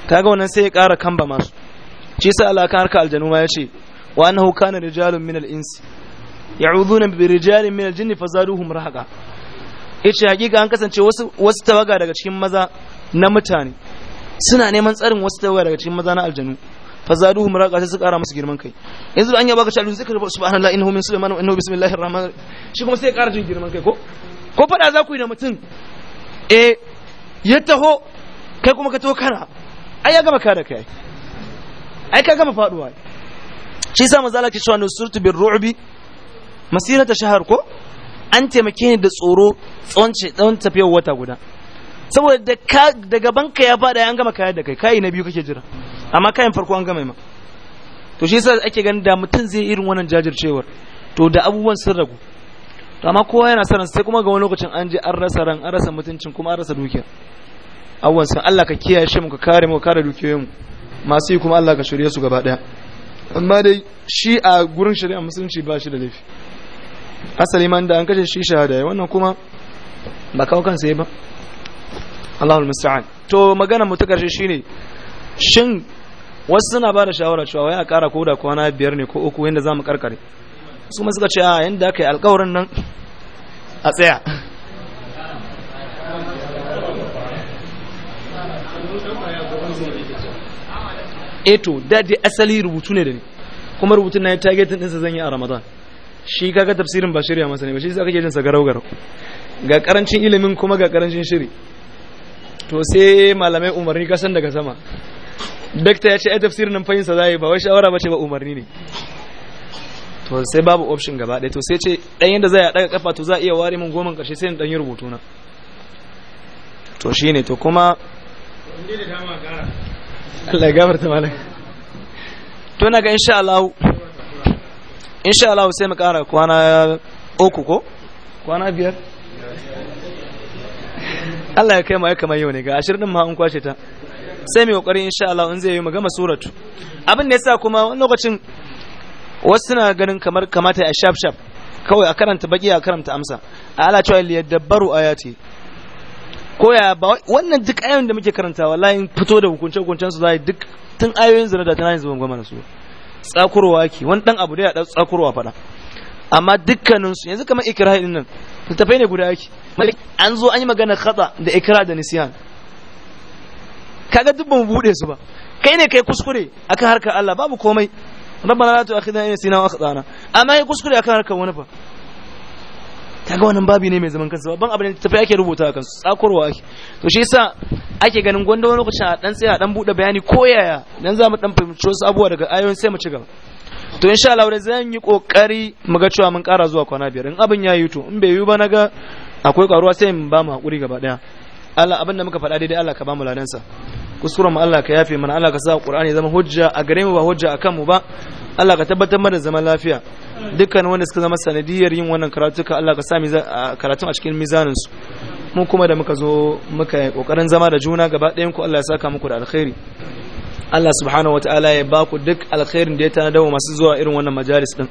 [SPEAKER 1] kaga wannan sai ya ƙara kamba masu shi sa Allah kan harka aljanu ma yace wa annahu kana rijalun minal ins ya'uduna bi rijalin minal jinni fazaduhum rahaqa yace hakika an kasance wasu wasu tawaga daga cikin maza na mutane suna neman tsarin wasu tawaga daga cikin maza na aljanu fazaduhum rahaqa sai su kara musu girman kai yanzu an yaba ka shalu zikr subhanallahi innahu min sulaiman wa innahu bismillahir rahmanir shi kuma sai ya kara jin girman kai ko ko fada za ku yi na mutum eh ya taho kai kuma ka taho kana ai ya gama ka da kai ai ka gama faduwa shi sa manzo Allah ke cewa nusurtu bir ru'bi masirata shahar ko an taimake ni da tsoro tsawon tsawon tafiyar wata guda saboda da ka da gaban ka ya fada an gama kayar da kai kai na biyu kake jira amma kayan farko an gama ma to shi yasa ake ganin da mutum zai irin wannan jajircewar to da abubuwan sun ragu to amma kowa yana saran sai kuma ga wani lokacin an je an rasa ran an rasa mutuncin kuma an rasa dukiya awwan san Allah ka kiyaye shi mu ka kare mu ka kare dukiyoyin mu masu yi kuma Allah ka shirya su gaba ɗaya amma dai shi a gurin shari'a musulunci ba shi da laifi asali man da an kashe shi shahada ya wannan kuma ba kawo kansa ya ba Allahul musta'an to magana mu ta karshe shine shin wasu suna ba da shawara cewa wai a kara ko da kwana biyar ne ko uku yadda za mu karkare su ma suka ce a yadda aka yi alkawarin nan a tsaya eto eh daji asali rubutu ne da ni kuma rubutun na yi targetin ɗinsa zan yi a ramadan shi kaga tafsirin ba shirya masa ne ba shi sa kake jin sa garau garau ga karancin ilimin kuma ga karancin shiri to sai malamai umarni kasan daga sama dakta ya ce ai tafsirin nan fahimsa zai ba wai shawara bace ba umarni ne to sai babu option gaba ɗaya to sai ce ɗan yadda zai daga kafa to za a iya ware min goma ƙarshe sai dan ɗan yi rubutu na to shine to kuma Allah ya gafarta malam to na ga insha Allah insha Allah sai mu kara kwana uku ko kwana biyar Allah ya kai mu kamar yau ne ga ashir din ma an kwashe ta sai mu kokari insha Allah in zai yi mu gama suratu abin da yasa kuma wani lokacin wasu suna ganin kamar kamata a shaf shaf kawai a karanta baki a karanta amsa a ala cewa liyadabbaru ayati koya ba wannan duk ayoyin da muke karanta wallahi fito da hukunce hukuncen su zai duk tun ayoyin zina da tunanin zuban gwamnati su tsakurwa ki wani dan abu da ya tsakurwa fada amma dukkanin su yanzu kamar ikra din nan tafai ne guda yake an zo an yi magana khata da ikra da nisyan kaga duk ban bude su ba kai ne kai kuskure akan harkar Allah babu komai rabbana la tu'akhidna in nasina wa akhtana amma kai kuskure akan harkar wani fa kaga wannan babi ne mai zaman kansa ban abin da tafi ake rubuta a kansu tsakorwa ake to shi yasa ake ganin gwanda wani lokacin a dan tsaya dan bude bayani ko yaya dan za mu dan fahimci wasu abubuwa daga ayoyin sai mu ci gaba to insha Allah zan yi kokari mu ga cewa mun kara zuwa kwana biyar in abin yayi to in bai yi ba naga akwai karuwa sai mu ba mu hakuri gaba daya Allah abin da muka faɗa daidai Allah ka ba mu ladansa kuskuren mu Allah ka yafe mana Allah ka sa Qur'ani zama hujja a gare mu ba hujja akan mu ba Allah ka tabbatar mana zaman lafiya dukkan wanda suka zama sanadiyar yin wannan karatu ka Allah ka sa karatun a cikin mizanin su mun kuma da muka zo muka kokarin zama da juna gaba ɗayan ku Allah ya saka muku da alkhairi Allah subhanahu wataala ya ba ku duk alkhairin da ya tanada masu zuwa irin wannan majalis din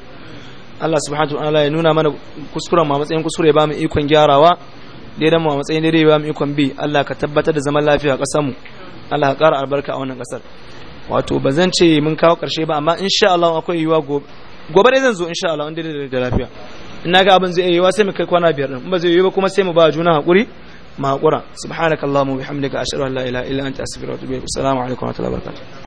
[SPEAKER 1] Allah subhanahu wataala ya nuna mana kuskuren mu a matsayin kuskure ya ba mu ikon gyarawa da mu a matsayin daidai ba mu ikon bi Allah ka tabbatar da zaman lafiya a ƙasar mu Allah ka ƙara albarka a wannan ƙasar wato ba zan ce mun kawo ƙarshe ba amma insha Allah akwai yiwuwa gobe gobe zan zo insha Allah inda da lafiya ina ga abin zai yi wa sai mu kai kwana biyar din ba zai yi ba kuma sai mu ba juna hakuri ma hakura subhanakallahumma bihamdika ashhadu an la ilaha illa anta astaghfiruka wa atubu ilaik assalamu alaikum wa rahmatullahi wa barakatuh